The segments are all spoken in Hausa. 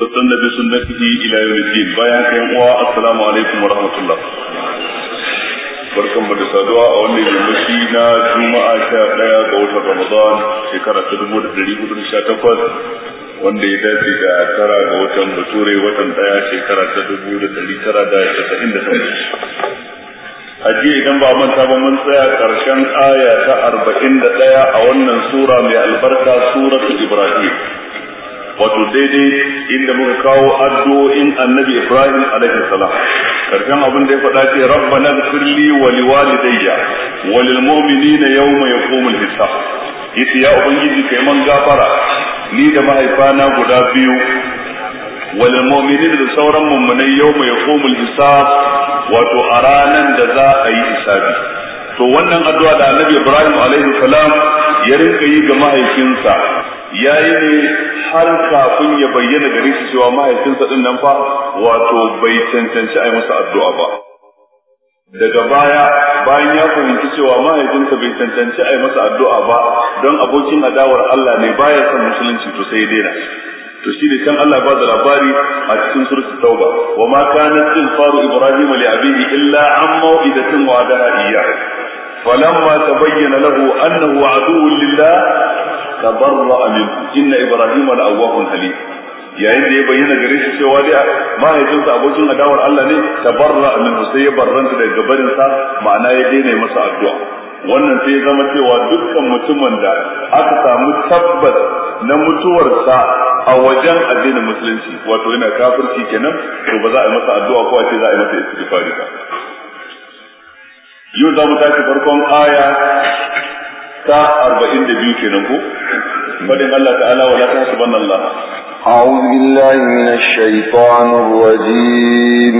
واستنى بسنته da يوم Bayan kayan uwa, السلام عليكم wa rahmatullah. barkan mu da saduwa a wannan yammaci na juma'a sha daya ga watan ramadan shekara ta dubu da dari hudu sha takwas wanda ya dace da tara ga watan bature watan daya shekara ta dubu da dari tara da casa'in da takwas a jiya idan ba manta ba mun tsaya karshen aya ta arba'in da daya a wannan sura mai albarka suratul ibrahim wato daidai inda muka kawo addu'o'in annabi Ibrahim alaihi salam karshen abin da ya faɗa ce rabbana zikirli wa liwalidayya wa lil mu'minina yawma yaqumul hisab yace ya ubangiji kai man gafara ni da mahaifana guda biyu wa lil da sauran mummunai yawma yaqumul hisab wato a ranan da za a yi hisabi to wannan addu'a da annabi ibrahim alaihi salam ya rinka yi ga mahaifinsa ya yi ne har kafin ya bayyana gare shi cewa mahaifinsa din nan fa wato bai cancanci a yi masa addu'a ba daga baya bayan ya fahimci cewa mahaifinsa bai cancanci a yi masa addu'a ba don abokin adawar Allah ne baya son musulunci to sai daina to shi ne kan Allah ba da labari a cikin surutu tauba wa ma kana faru ibrahim li abihi illa an mau'idatin wa'adaha iyyah فلما تبين له أنه عدو لله تبرأ منه إن إبراهيم لأواه حليم yayin da ya bayyana gare shi cewa dai mahaifinsa abokin adawar Allah ne tabarra min sai ya da daga sa ma'ana ya daina masa addu'a wannan sai ya zama cewa dukkan mutumin da aka samu tabbas na mutuwarsa a wajen addinin musulunci wato yana kafirci kenan to ba za a yi masa addu'a ko a ce za a yi masa istighfari ba yau za mu tashi farkon aya ta arba'in da biyu kenan ko fadin Allah ta'ala wala ta hasubanna Allah أعوذ بالله من الشيطان الرجيم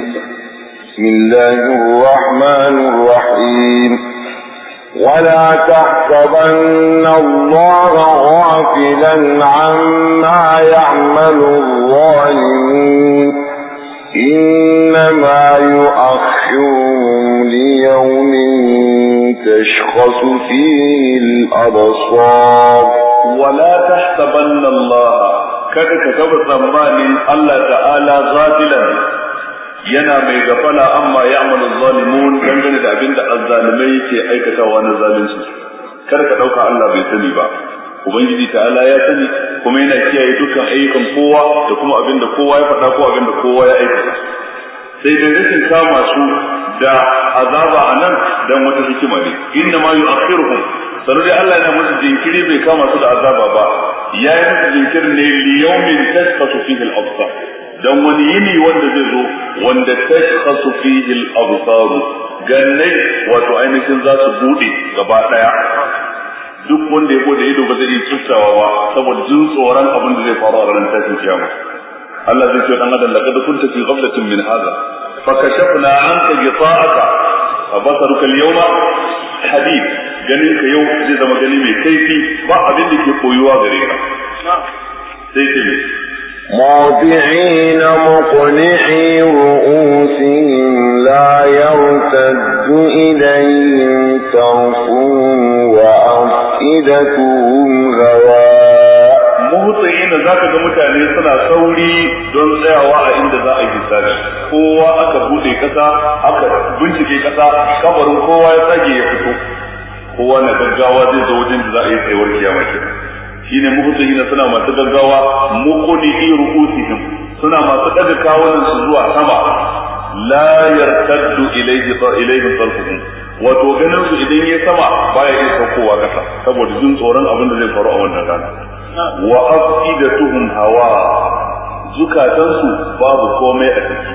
بسم الله الرحمن الرحيم ولا تحسبن الله غافلا عما يعمل الظالمون إنما يؤخرهم يوم تشخص فيه الأبصار ولا تحسبن الله kada ka taɓa tsammanin Allah ta'ala zafilan yana mai gafala amma ya amalu zalimun dangane da abinda da azzalimai ke aikatawa na zalunci kada ka ɗauka Allah bai sani ba ubangiji ta'ala ya sani kuma yana kiyaye dukkan ayyukan kowa da kuma abin kowa ya faɗa ko abin kowa ya aikata sai da rashin kama su da azaba a nan wata hikima ne inda ma yu'akhiruhum sanar da Allah yana musu jinkiri bai kama su da azaba ba ya yi musu jinkirin ne liyaumin tasfasu fihi al-absar dan wani yini wanda zai zo wanda tasfasu fihi al-absar gannai wato ainihin za su bude gaba daya duk wanda ya bude ido ba zai yi tsuftawa ba saboda jin tsoron abin da zai faru a ranar tashin kiyama Allah zai ce dan adam laqad kunta fi ghaflatin min hadha فكشفنا عنك غطاءك فبصرك اليوم حديد جنينك يوم زي زما جني مي كيفي با ابين دي كي بويوا غريرا موضعين مقنعي رؤوسهم لا يرتد إليهم طرفهم وأفئدتهم muhutsaina za ka ga mutane suna sauri don tsayawa a inda za a yi hisabi kowa aka bude kasa aka bincike kasa kabarin kowa ya tsage ya fito kowa na gaggawa zai zo wajen da za a yi tsayawar kiyama kenan shine muhutsaina suna masu gaggawa muqni ru'usihim suna masu daga kawunan su zuwa sama la yartaddu ilayhi ilayhi tarfuhum wato ganin su idan ya sama baya iya saukowa kasa saboda jin tsoron abin da zai faru a wannan rana wa afidatuhum hawa zukatansu babu komai a ciki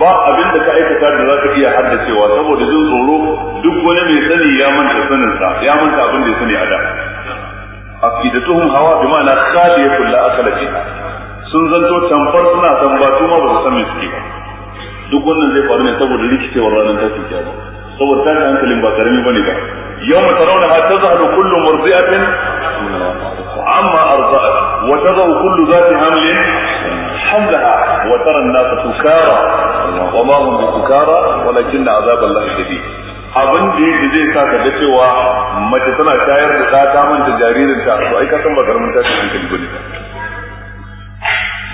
ba abin da ka aikata da zaka iya haddacewa saboda jin tsoro duk wani mai sani ya manta sanin sa ya manta abin da ya sani a da afidatuhum hawa bi ma'ana khaliyatul la akala sun zanto tamfar suna tambatu ma ba su san me suke ba duk wannan zai faru ne saboda rikicewar ranar tashin kiyama saboda tashin hankalin ba karami bane ba yawma tarawna hatta zahalu kullu murdi'atin عما ارضعت وتضع كل ذات حمل حملها وترى الناس سكارى وما هم بسكارى ولكن عذاب الله شديد abin da yake zai sa ka ga cewa mace tana shayar da ta ta manta jaririn ta to ai ka san bakar mun ta ce hankali gudu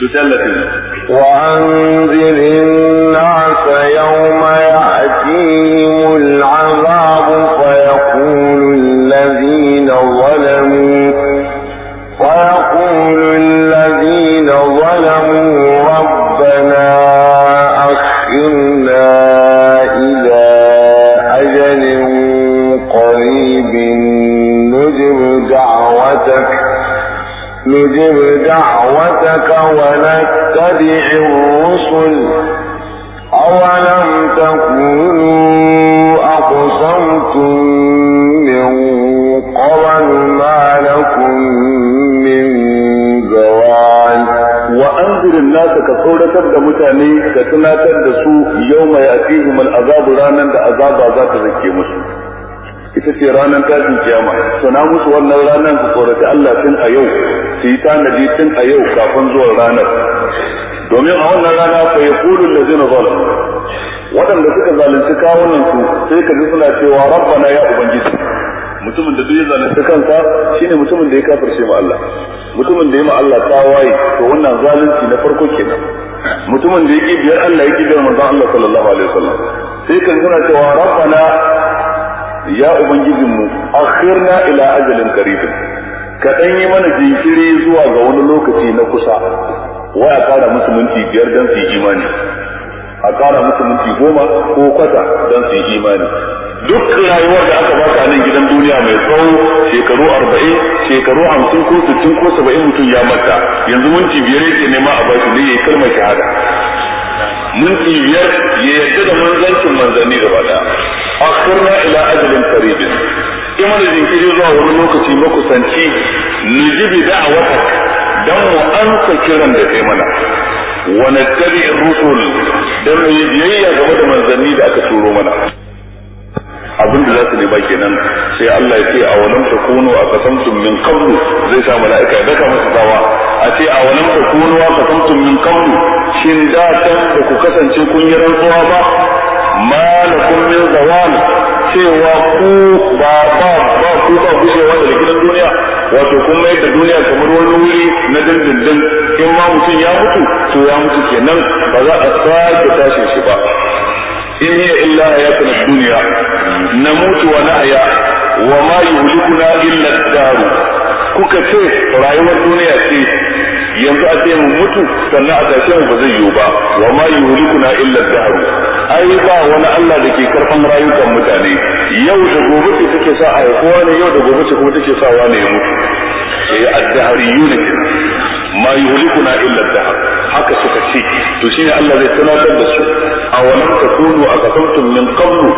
to tallafi wa anzirin inna yawma ya'tihimul 'adhabu ranar tashin kiyama to na musu wannan ranar su tsorata Allah tun a yau su yi tanadi tun a yau kafin zuwan ranar domin a wannan rana fa da zina zalamu waɗanda suka zalunci kawunan su sai ka ji suna cewa rabbana ya ubangiji mutumin da duk ya zalunci kansa shine mutumin da ya kafirce ma Allah mutumin da ya ma Allah tawaye to wannan zalunci na farko kenan mutumin da ya ƙi biyar Allah ya ƙi biyar manzon Allah sallallahu alaihi wasallam sai kan suna cewa rabbana ya ubangijinmu akhirna ila ajalin qarib ka dan yi mana jinkiri zuwa ga wani lokaci na kusa wa ya fara musu minti biyar dan su imani a kara musu minti goma ko kwata dan su imani duk rayuwar da aka baka nan gidan duniya mai tsawo shekaru arba'in shekaru hamsin ko sittin ko saba'in mutum ya mata, yanzu minti biyar yake nema a bashi ne ya kalmar shahada minti biyar ya yarda da manzancin manzanni gaba daya akhirna ila ajalin qaribin in wani jinkiri zuwa wani lokaci makusanci nijibi da'awata dan mu ansa kiran da kai mana wa nattabi rusul dan mu yi biyayya game da manzani da aka turo mana abin da za su nema kenan sai Allah ya ce a walam takunu aqsamtum min qablu zai sa malaika ya daka masa tsawa a ce a walam takunu aqsamtum min qablu shin da tan da ku kasance kun yi rantsuwa ba ma lakum min zawal cewa ku ba ba ba ku ba ku cewa da gidan duniya wato kun mai da duniya kamar wani wuri na dindindin in ma mutum ya mutu to ya mutu kenan ba za a sake tashin shi ba in hiya illa hayatun dunya mutu wa aya, wa ma yuhlikuna illa ad-dar kuka ce rayuwar duniya ce yanzu a ce mu mutu sannan a tashe ba zai yiwu ba wa ma yuhlikuna illa ad-dar ai ba wani Allah da ke karfan rayukan mutane yau da gobe ce take sa a kowa ne yau da gobe ce kuma take sa wani ya mutu sai eh, ad-dahriyun ma yuhlikuna illa ad-dahr haka suka ce to shine Allah zai tunatar da su a wani takunu a kafartum min qablu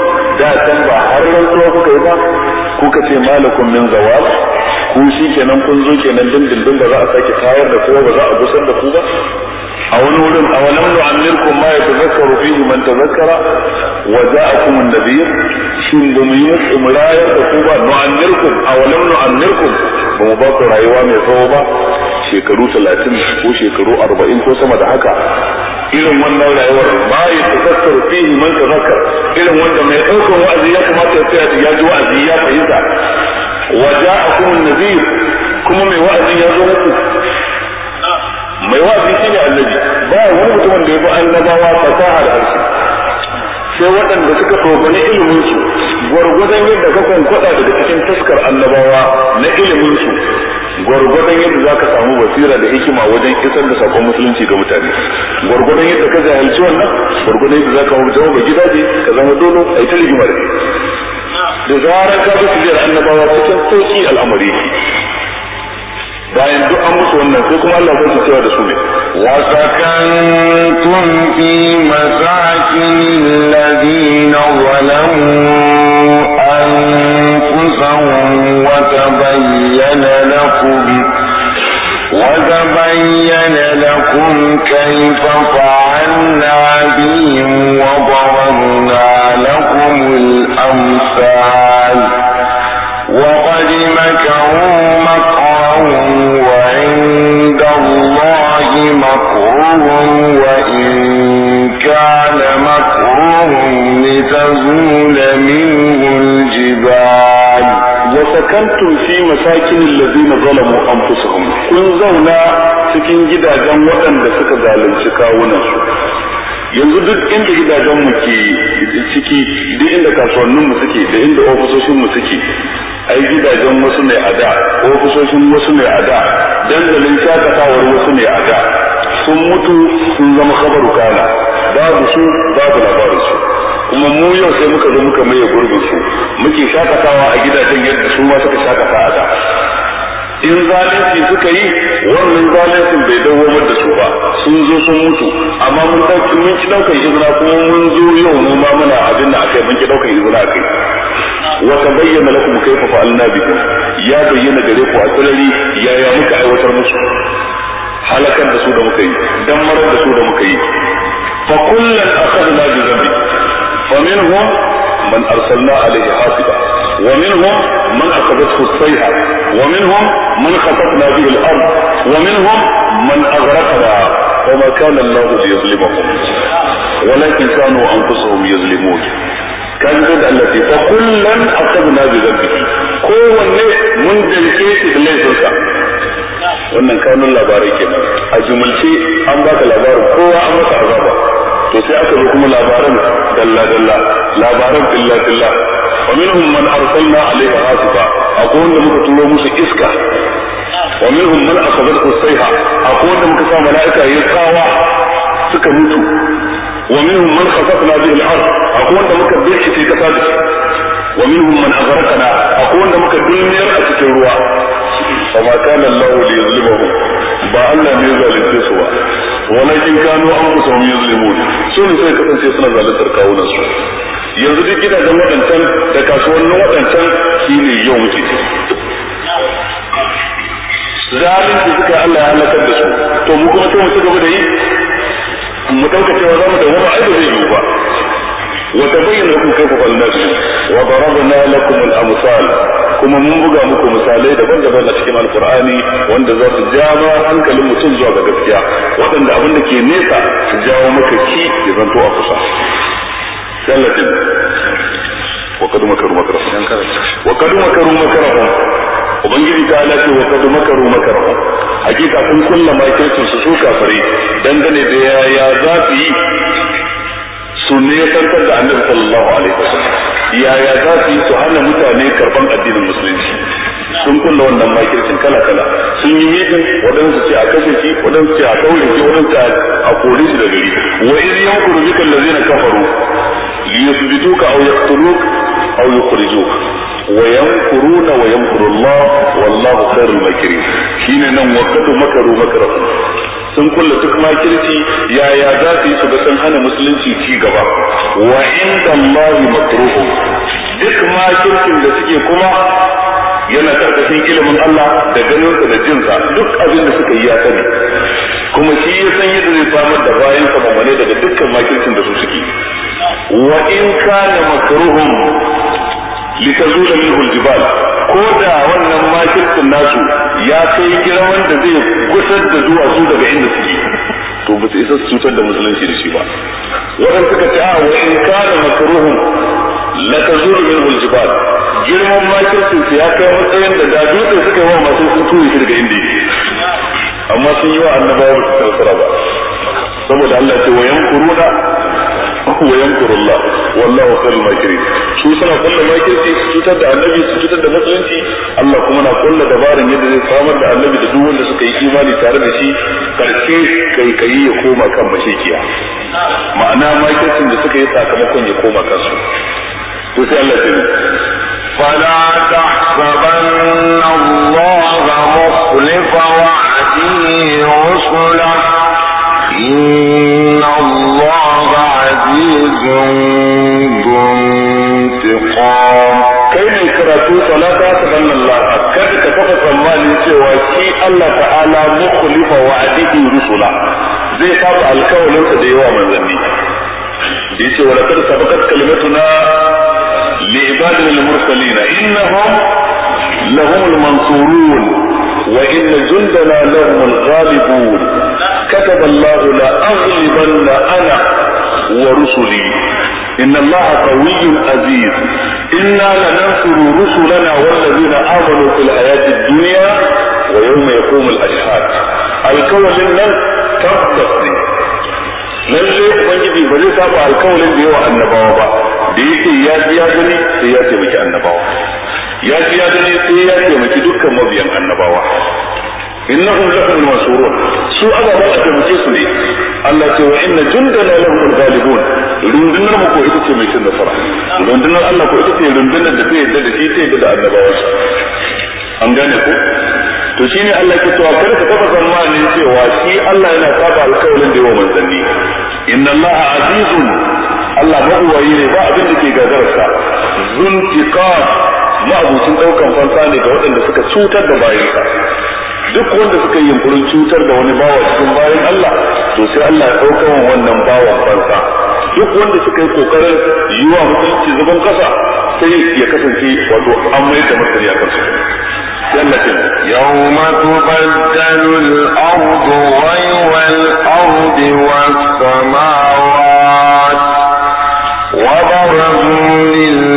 da san ba har rantsuwa kuka yi ba kuka ce malakum min zawal ku shi kenan kun zo kenan dindindin ba za a sake tayar da kowa ba za a gusar da ku ba a wani wurin a walam nu amirkum ma yatazakkaru fihi man tazakkara wa ja'akum an-nadhir shin ba mu yi umrayar da ku ba nu amirkum a walam nu amirkum ba mu ba ku rayuwa mai tsawo ba shekaru 30 ko shekaru 40 ko sama da haka irin wannan rayuwar ma ya tazakkaru fihi man tazakkar irin wanda mai ɗaukar wa'azi ya kamata ya tsaya ya ji wa'azi ya fahimta wa ja'akum an-nadhir kuma mai wa'azi ya zo muku mai shi ne annabi ba wani mutumin da ya bi annabawa fasaha da harshe sai waɗanda suka tsogani iliminsu su gwargwadon yadda ka kwankwada daga cikin taskar annabawa na iliminsu su gwargwadon yadda za ka samu basira da hikima wajen isar da sakon musulunci ga mutane gwargwadon yadda ka jahilci wannan gwargwadon yadda za ka zama mai gidaje ka zama dolo a yi ita rigimar da zarar ka bi su annabawa cikin sauƙi al'amari bayan duk an musu wannan sai kuma Allah zai cewa da su ne wa sakantum fi masakin alladhina zalamu anfusahum wa tabayyana lakum wa tabayyana lakum kayfa fa'alna bihim wa darabna lakum al-amsal wa qad مكرهم وإن كان مكرهم لتزول منه الجبال وسكنتم في مساكن الذين ظلموا أنفسهم كن زونا cikin gidajen waɗanda suka zalunci kawunansu yanzu duk inda gidajenmu ke ciki duk inda kasuwanninmu suke da inda ofisoshinmu suke ai gidajen wasu ne a da ofisoshin wasu ne a da dandalin shakatawar wasu ne a da sun mutu sun zama kabaru kana babu su babu labarin su kuma mu yau sai muka zo muka maye gurbin su muke shakatawa a gidajen yadda su ma suka shakata a da in zalunci suka yi wannan zaluncin bai dawwamar da su ba sun zo sun mutu amma mun ɗauki mun ki ɗaukar izina kuma mun zo yau mu ma muna abin da akai mun ki ɗaukar izina akai وتبين لكم كيف فعلنا بكم يا بين غريق واسرري يا يا مك اوتر مسو حلقا دسو دا مكي دمر دسو مكي فكل اخذنا بذنبه فمنهم من ارسلنا عليه حاسبا ومنهم من اخذته الصيحة ومنهم من خطفنا به الارض ومنهم من اغرقنا وما كان الله ليظلمهم ولكن كانوا انفسهم يظلمون كالذب التي فكلا أخذنا بذنبه kowanne mun dalke shi da laifinsa wannan kanun labarai kenan a jumulce an baka labarin kowa an masa azaba to sai aka zo kuma labaran dalla dalla labaran dilla dilla wa minhum man arsalna alayhi hasiba akwai wanda muka turo musu iska wa minhum man akhadhat as-sayha akwai wanda muka sa malaika ya tsawa suka mutu ومنهم من خسفنا به الارض اكون da muka في كتاب kasa ومنهم من اغرقنا اكون لما muka في a cikin فما كان الله ليظلمهم ba Allah ne zalunce ولكن ba walakin kanu سنة yuzlimun su ne sai suna zaluntar yanzu duk da waɗancan da kasuwannin waɗancan shine yau muke zalunci suka Allah ya halakar da su to mu kuma sai mu ci gaba da yi mu dauka cewa za mu da wani aiki zai yiwu ba wa tabayyana lakum kayfa fa'alna bi wa darabna lakum al-amsal kuma mun buga muku misalai daban-daban a cikin alkur'ani wanda za su jawo hankalin mutum zuwa ga gaskiya waɗanda abin da ke nesa su jawo maka ki ya zanto a kusa sallatin وقد مكروا مكرهم وقد مكروا مكرهم ubangiji ta ala ce wa kadu makaru makaru hakika sun kulla makircin su su kafare dangane da yaya za su yi su ne santar da annabi sallallahu alaihi wasallam yaya za su yi su hana mutane karban addinin musulunci sun kulla wannan makircin kala kala sun yi mitin waɗansu ce a kashe shi waɗansu ce a kaure shi waɗansu a kore shi da gari wa iz yankuru bika allazina kafaru liyusbituka aw yaqtuluka aw yukhrijuka wa yankuruna wa yankuru Allah wallahu khairul makirin shine nan waqadu makaru makaru sun kulle duk makirci yaya za su yi su ga hana musulunci ci gaba wa inda Allah makruhu duk makircin da suke kuma yana karkashin ilimin Allah da ganinsa da jinsa duk abin da suka yi ya sani kuma shi ya san yadda zai samar da bayan sa daga dukkan makircin da su suke wa in kana makruhum litazula minhu aljibal ko da wannan makircin nasu ya kai girman da zai gusar da zuwa su daga inda suke to ba su isa su cutar da musulunci da shi ba wadanda suka ce a wa in kana makruhum latazulu minhu aljibal girman makircin su ya kai matsayin da da dutse suka yi wa masu sun tuyi shi daga inda yake amma sun yi wa annabawa ba saboda Allah ce wa yankuruna wa yankuru Allah wallahu khairul makirin su suna kulla makirci su cutar da annabi su cutar da musulunci Allah kuma na kulla dabarin yadda zai samar da annabi da duk wanda suka yi imani tare da shi karshe kai kai ya koma kan mashikiya ma'ana makircin da suka yi sakamakon ya koma kansu to sai Allah ya فلا تحسبن الله مخلف وعده رسله إن الله جند انتقام kai ne karatu salata ta ban Allah kada ka kafa tsammani cewa shi Allah ta'ala mukhlifa wa'adihi rusula zai saba alkawalin da yawa manzanni yace wa laqad sabaqat kalimatuna li ibadina al-mursalin innahum lahum al-mansurun wa inna jundana lahum al-ghalibun كتب الله لأغلبن أنا ورسلي إن الله قوي عزيز إنا لننصر رسلنا والذين آمنوا في الحياة الدنيا ويوم يقوم الأشهاد الكون لن تبصر لن يقوم به فليس أبو الكون لن يوحى النبوة بيك يا زيادني سياتي بك النبوة يا زيادني سياتي بك دكا مبيا النبوة innahum lahum al-mansurun su ababan a taimake su ne Allah ce wa inna jundana lahum al-ghalibun rundunar mu ko ita ce mai cin nasara rundunar Allah ko ita ce rundunar da ta yadda da shi ta yadda da annabawan an gane ku? to shine Allah ke cewa kada ka taba zamanin cewa shi Allah yana saba alƙawarin da yawa manzanni inna Allah azizun Allah mabuwayi ne ba abin da ke gagararsa zuntiqam ma'abucin ɗaukan fansa ne ga waɗanda suka cutar da bayansa duk wanda suka yi yunkurin cutar da wani bawa cikin bayan Allah to sai Allah ya ɗaukar wannan bawa farka duk wanda suka yi kokarin yi wa mutunci zagon kasa sai ya kasance wato an mai da martani a kansu يوم تبدل الأرض غير الأرض والسماوات وبرزوا لله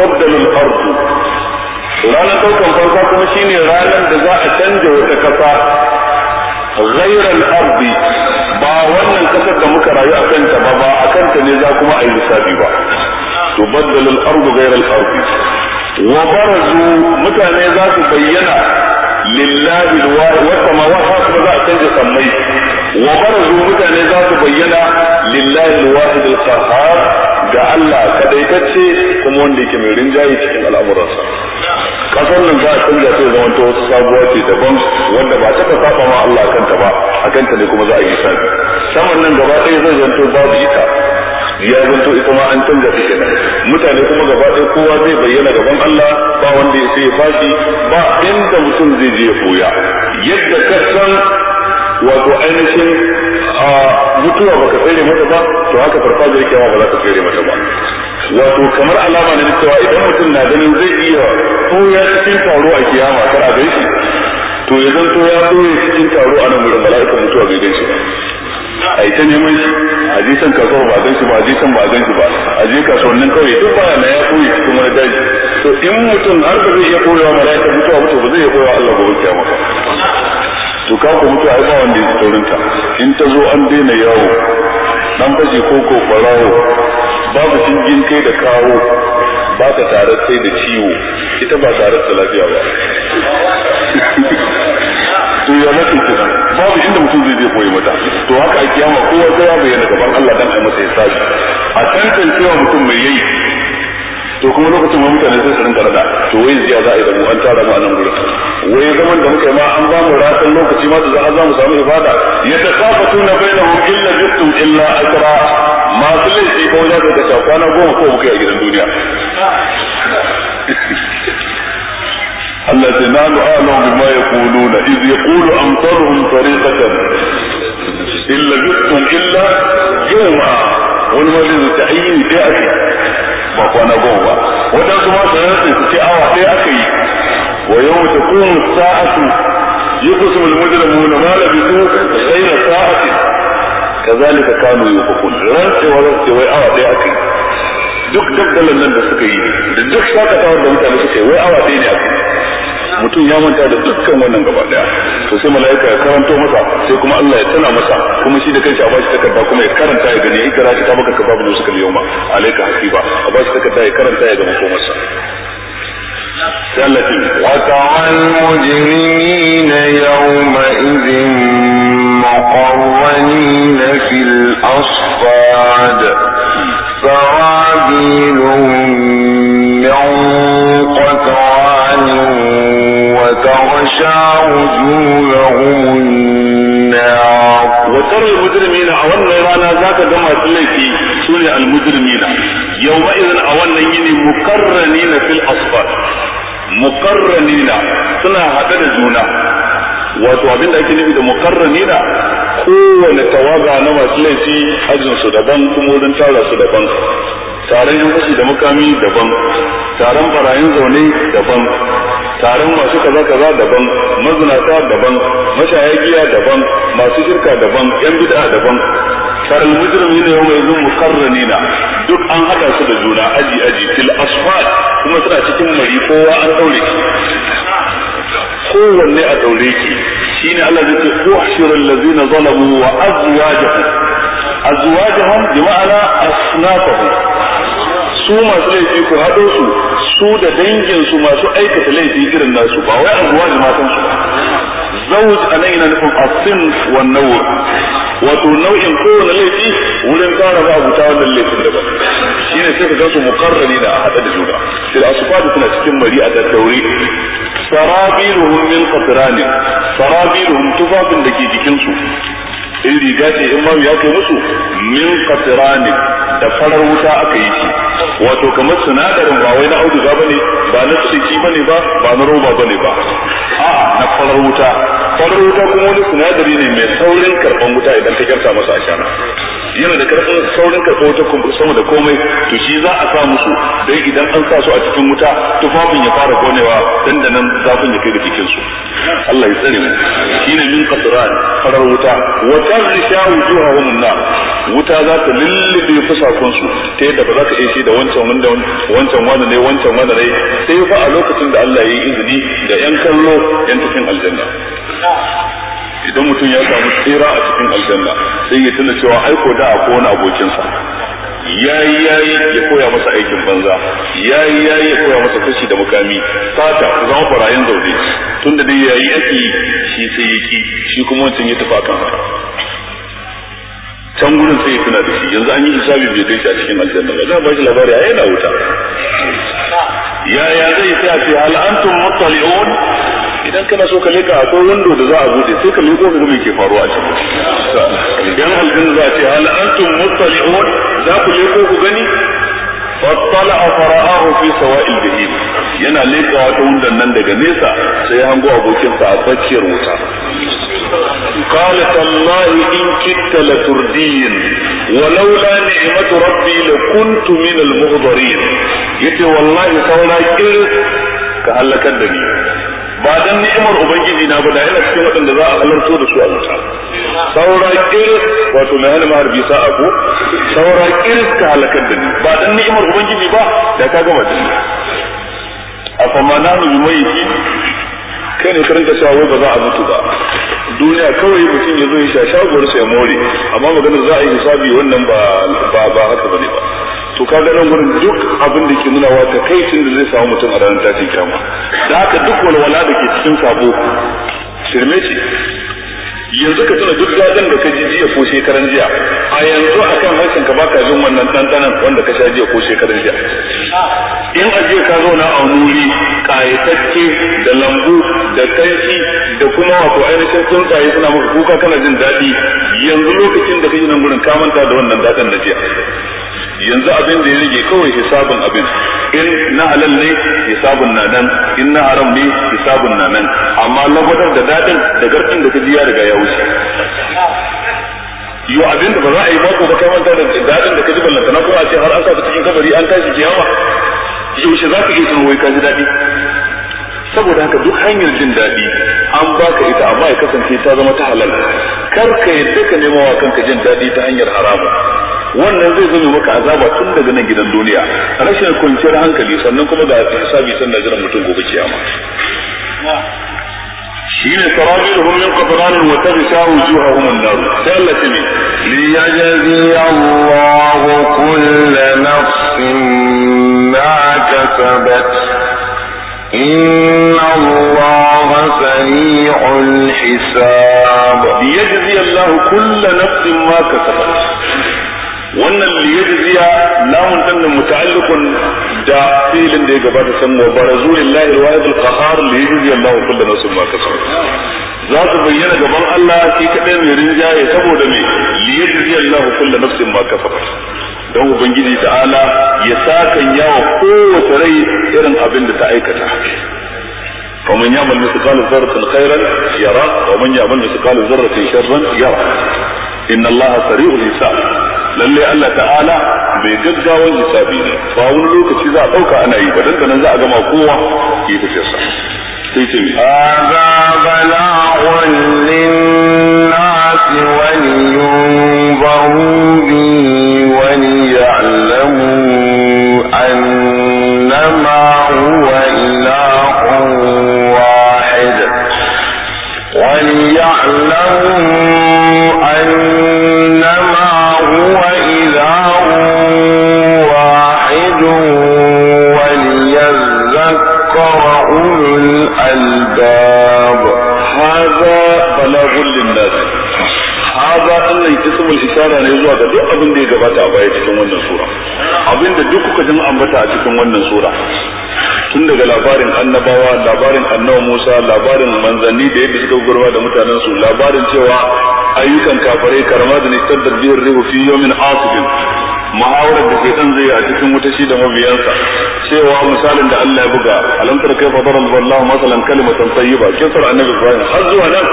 تبدل الارض ranar daukan farko kuma shine ranar da za a canja wata kasa ghairal ardi ba wannan kasar da muka rayu a kanta ba ba a kanta ne za kuma a yi lissafi ba tubaddal al-ardu ghairal ardi wa barazu mutane za su bayyana lillahi wa samawati za a canja sammai wa barazu mutane za su bayyana lillahi alwahid allah ga ka ce kuma wanda yake mai rinjaye cikin al'amuransa kasar nan za a canza ta zama ta wasu sabuwa ce daban wanda ba ta saba ma Allah kan ta ba a kanta ne kuma za a yi sani saman nan gaba ɗaya zai zanto babu ita ya zanto ita ma an canza ta kenan mutane kuma gaba ɗaya kowa zai bayyana gaban Allah ba wanda ya sai fashi ba inda mutum zai je ya koya yadda ka san wato ainihin mutuwa baka tsere mata ba to haka farfajiyar kyawa ba za ka tsere mata ba wato kamar alama na cewa idan mutum na ganin zai iya ya cikin taro a kiyama kar a gaishe to ya zanto ya ya cikin taro a nan wurin mala'ikan mutuwa bai gaishe ba a ita ta neman shi a je san kasuwar ba gan ba a je san ba gan shi ba a je kasuwannin kauye duk baya na ya koyi cikin wani daji to in mutum har ba zai iya koyawa mala'ikar mutuwa ba to ba zai iya koyawa Allah gobe kiyama ba to ka ku mutu ai ba wanda ya taurin ta in ta zo an daina yawo dan baje ko ko farawo babu jingin kai da kawo ba ta tare sai da ciwo ita ba tare da lafiya ba to ya nake kira babu inda mutum zai je koyi mata to haka a kiyama kowa sai ya bayyana gaban Allah dan ai masa ya sashi a cewa mutum mai yayi to kuma lokacin mutane sai su rinka rada to wai ziya za a yi da mu an tara mu a nan gurin wai zaman da muka yi ma an ba mu ratan lokaci ma da za mu samu ibada ya ta kafa tun da na mu illa jittum illa asra masu laifi ko ya ga ta kwana goma ko muka a gidan duniya Allah ya nanu alam bima yaquluna iz yaqulu amsaluhum tariqatan illa jittum illa yawma wani ma zai ta ayyin da ake ba kwana goma ba wata kuma sanar su ce awa sai aka yi ويوم تقوم الساعة يقسم المجرمون ما لبثوا غير ساعة كذلك كانوا يوقفون رنسي ورنسي ويأوى بيعك duk daddalan nan da suka yi da duk shakatawar da mutane suka yi wai awa ne mutum ya manta da dukkan wannan gaba daya to sai malaika ya karanto masa sai kuma Allah ya tana masa kuma shi da kanshi a bashi takarda kuma ya karanta ya gani ya ikra shi ta baka kababu suka yoma alayka hasiba a bashi takarda ya karanta ya ga komarsa. وترى المجرمين يومئذ مقرنين في الأصفاد سرابيلهم من قطران وتغشى وجوههم النار وترى المجرمين أولا رانا ذاك دمى سلسي sune al yau yawma idhin a wannan yini muqarranina fil asfar muqarranina suna haɗa da juna wato abin da ake nufi da muqarranina kowane tawaga na masu laifi ajin su daban kuma wurin tara su daban taron yan fashi da mukami daban taron barayin zaune daban taron masu kaza kaza daban mazinata daban mashaya giya daban masu shirka daban yan bid'a daban taral mai yawma idhin muqarranina duk an haɗa su da juna aji aji fil asfal kuma suna cikin mari kowa an daure shi kowanne a daure shi shine Allah zai ce ku uhshirul ladzina zalamu wa azwajuhum azwajuhum bi ma'ana asnafahum su masu laifi ku haɗo su su da dangin su masu aikata laifi irin nasu ba wai azwaj matan su zauj a nan yana nufin asin wannan wuri wato nau'in kowane laifi wurin kara ba abuta wannan laifin da shi ne sai ka gansu mukarrani da haɗa da juna sai da asufadu suna cikin mari a daddaure sarabiruhum min qatranin sarabiruhum tufafin da ke jikinsu in riga ce in mamu ya kai musu min qatrani da farar wuta aka yi shi wato kamar sinadarin ba wai na auduga bane ba na tsiki bane ba ba na roba bane ba A'a na farar wuta farar wuta kuma wani sinadari ne mai saurin karban wuta idan ta kyarta masa a shana yana da karfin saurin karɓar wata kumfur sama da komai to shi za a sa musu don idan an sa su a cikin wuta tufafin ya fara konewa nan zafin ya kai da cikin su Allah ya tsare mu shine min qasran farar wuta wa tarisha wujuhahum nar wuta za ta lullube fusakun su ta yadda ba za ka iya shi da wancan wanda wancan wanda ne wancan wanda ne sai fa a lokacin da Allah ya yi izini da yan kallo yan cikin aljanna idan mutum ya samu tsira a cikin aljanna sai ya tuna cewa ai ko da ko wani abokinsa yayi yayi ya koya masa aikin banza yayi yayi ya koya masa kashi da mukami Sata, ku zama farayin zaune tunda dai yayi yake shi sai yaki shi kuma wancan ya tafi kan haka can gudun sai ya tuna da shi yanzu an yi hisabi bai kai shi a cikin aljanna ba za a bashi labari a yana wuta yaya zai sai a ce hal idan kana so ka leka akwai wando da za a bude sai ka leko ka ga ke faruwa a cikin idan aljanna za ce hal antum mustalihun za ku leko ku gani fattala fara'ahu fi sawa'il jahim yana leka ta wundan nan daga nesa sai ya hango abokin sa a tsakiyar wuta in kitta la turdin قال la إن rabbi la kuntu min al لكنت من wallahi يتي kin ka halakar da ni ba dan ni'imar ubangiji na ba da yana cikin waɗanda za a halarto da su a wuta saurakin wato mai halima harbi sa'a ko saurakin ka halakar da ni ba dan ni'imar ubangiji ba da ka gama da ni na nanu bi yi kai ne karin cewa wai ba za a mutu ba duniya kawai mutum ya zo ya sha shagowar sai more amma maganar za a yi hisabi wannan ba ba haka bane ba to ka nan gurin duk abin da ke nuna wa ta kai da zai samu mutum a ranar tashin kyamu da haka duk walwala da ke cikin sabo shirme ce yanzu ka tuna duk dadin da ka ji jiya ko shekaran jiya a yanzu akan harshen ka baka jin wannan tantanan wanda ka sha jiya ko shekaran jiya in a jiya ka zauna a wuri kayatacce da lambu da kanki da kuma wato ainihin tsuntsaye suna maka kuka kana jin daɗi yanzu lokacin da ka yi nan gurin ka manta da wannan dadin na jiya yanzu abin da ya rage kawai hisabun abin in na halal ne hisabun na nan in na haram ne hisabun na nan amma lagwadar da dadin da garkin da ta ji daga ya wuce yo abin da ba za a yi mako ba kai manta da dadin da ka ji ballanta na kuma a ce har an sa ta cikin kabari an tashi kiyama yaushe za ka iya sun wai ka ji daɗi saboda haka duk hanyar jin daɗi an baka ita amma ya kasance ta zama ta halal kar ka yadda ka nema wa kanka jin daɗi ta hanyar haramu. wannan zai zama maka azaba tun daga nan gidan duniya rashin kwanciyar hankali sannan kuma ga hisabi sannan jiran mutum gobe kiyama shi shine sarabihum min qatran wa tabsa wujuhahum an-nar sallati Allah li yajzi Allahu kull nafsin ma kasabat inna Allaha sari'ul hisab li yajzi Allahu kull nafsin ma kasabat wannan liyajziya lamun din nan muta'alliqun da filin da ya gabata san wa barazu lillahi al-wahid al-qahhar liyajzi Allahu kullu nafsin ma kasabat za su bayyana gaban Allah shi kadai mai rinjaye saboda me liyajzi Allahu kullu nafsin ma kasabat don ubangiji ta'ala ya sakan yawa kowace rai irin abin da ta aikata ومن يعمل مثقال ذرة خيرا يرى ومن يعمل مثقال ذرة شرا يرى إن الله سريع الحساب lalle Allah ta'ala bai gaggawan hisabi ne ba wani lokaci za a ɗauka ana yi ba dan nan za a gama kowa yi tafiyarsa sai ce mi العذاب هذا بلاغ للناس هذا annan ismul isara ne zuwa ga duk abin da ya gabata a baya cikin wannan sura abin da duk kuka jin ambata a cikin wannan sura tun daga labarin annabawa labarin annabawa Musa labarin manzanni da yadda suka gurba da mutanen su labarin cewa ayyukan kafare karma da nisan da biyar rihu fi yomin asibin muhawarar da ke dan zai a cikin wuta shi da mabiyansa cewa misalin da Allah ya buga alam kai kaifa darab Allahu masalan kalimatan tayyiba kisar annabi Ibrahim har zuwa nan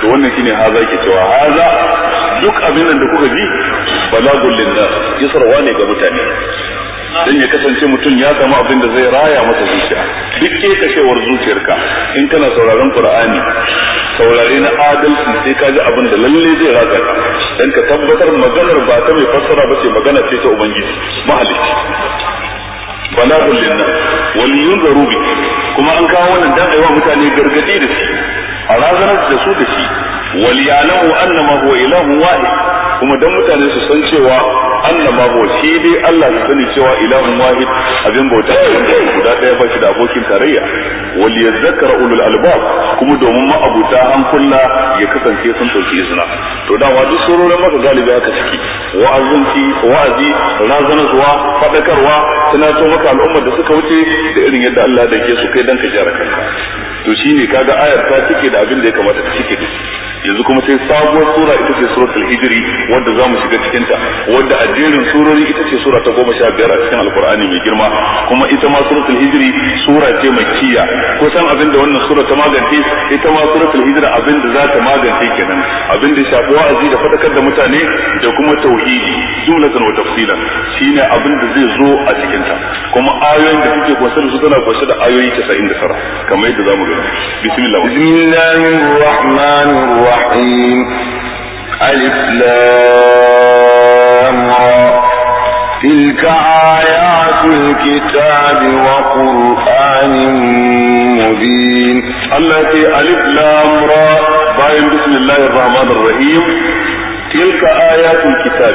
to wannan shine haza ke cewa haza duk abin nan da kuka ji balagul linda kisarwa ne ga mutane dan ya kasance mutum ya samu abin da zai raya masa zuciya duk ke kashewar zuciyarka in kana sauraron Qur'ani saurare na adalci sai ka ji abin da lalle zai raka ka dan ka tabbatar maganar ba ta mai fassara ba ce magana ce ta ubangiji mahalicci bala'un linnas wani yunzaru bi kuma an kawo wannan dan aiwa mutane gargadi da shi a razanar da su da shi wal ya'lamu annama huwa ilahun wahid kuma dan mutane su san cewa annama ho shi dai Allah ya sani cewa ilahun wahid abin bauta guda daya ba shi da abokin tarayya wal yazzakara ulul albab kuma domin an kulla ya kasance sun dauki suna to da wa duk surorin maka galibi aka ciki wa'azunci wa'azi razanarwa fadakarwa tunato maka al'umma da suka wuce da irin yadda Allah da ke su kai dan ka jara kanka to shine kaga ayar ta cike da abin da ya kamata ta cike da yanzu kuma sai sabuwar sura ita ce suratul hijri wanda za shiga cikin ta wanda a jerin surori ita ce sura ta goma sha biyar a cikin alkur'ani mai girma kuma ita ma suratul hijri sura ce makkiya kusan abin wannan sura ta magance ita ma za ta magance kenan shafi wa'azi da fadakar da mutane da kuma tauhidi jumlatan wa tafsilan shine abin zai zo a cikin ta kuma ayoyin da da su tana da ayoyi 99 kamar yadda zamu gani bismillah bismillahir rahmanir rahim الرحيم ألف لامرى تلك آيات الكتاب وقرآن مبين التي ألف لام را بسم الله الرحمن الرحيم تلك آيات الكتاب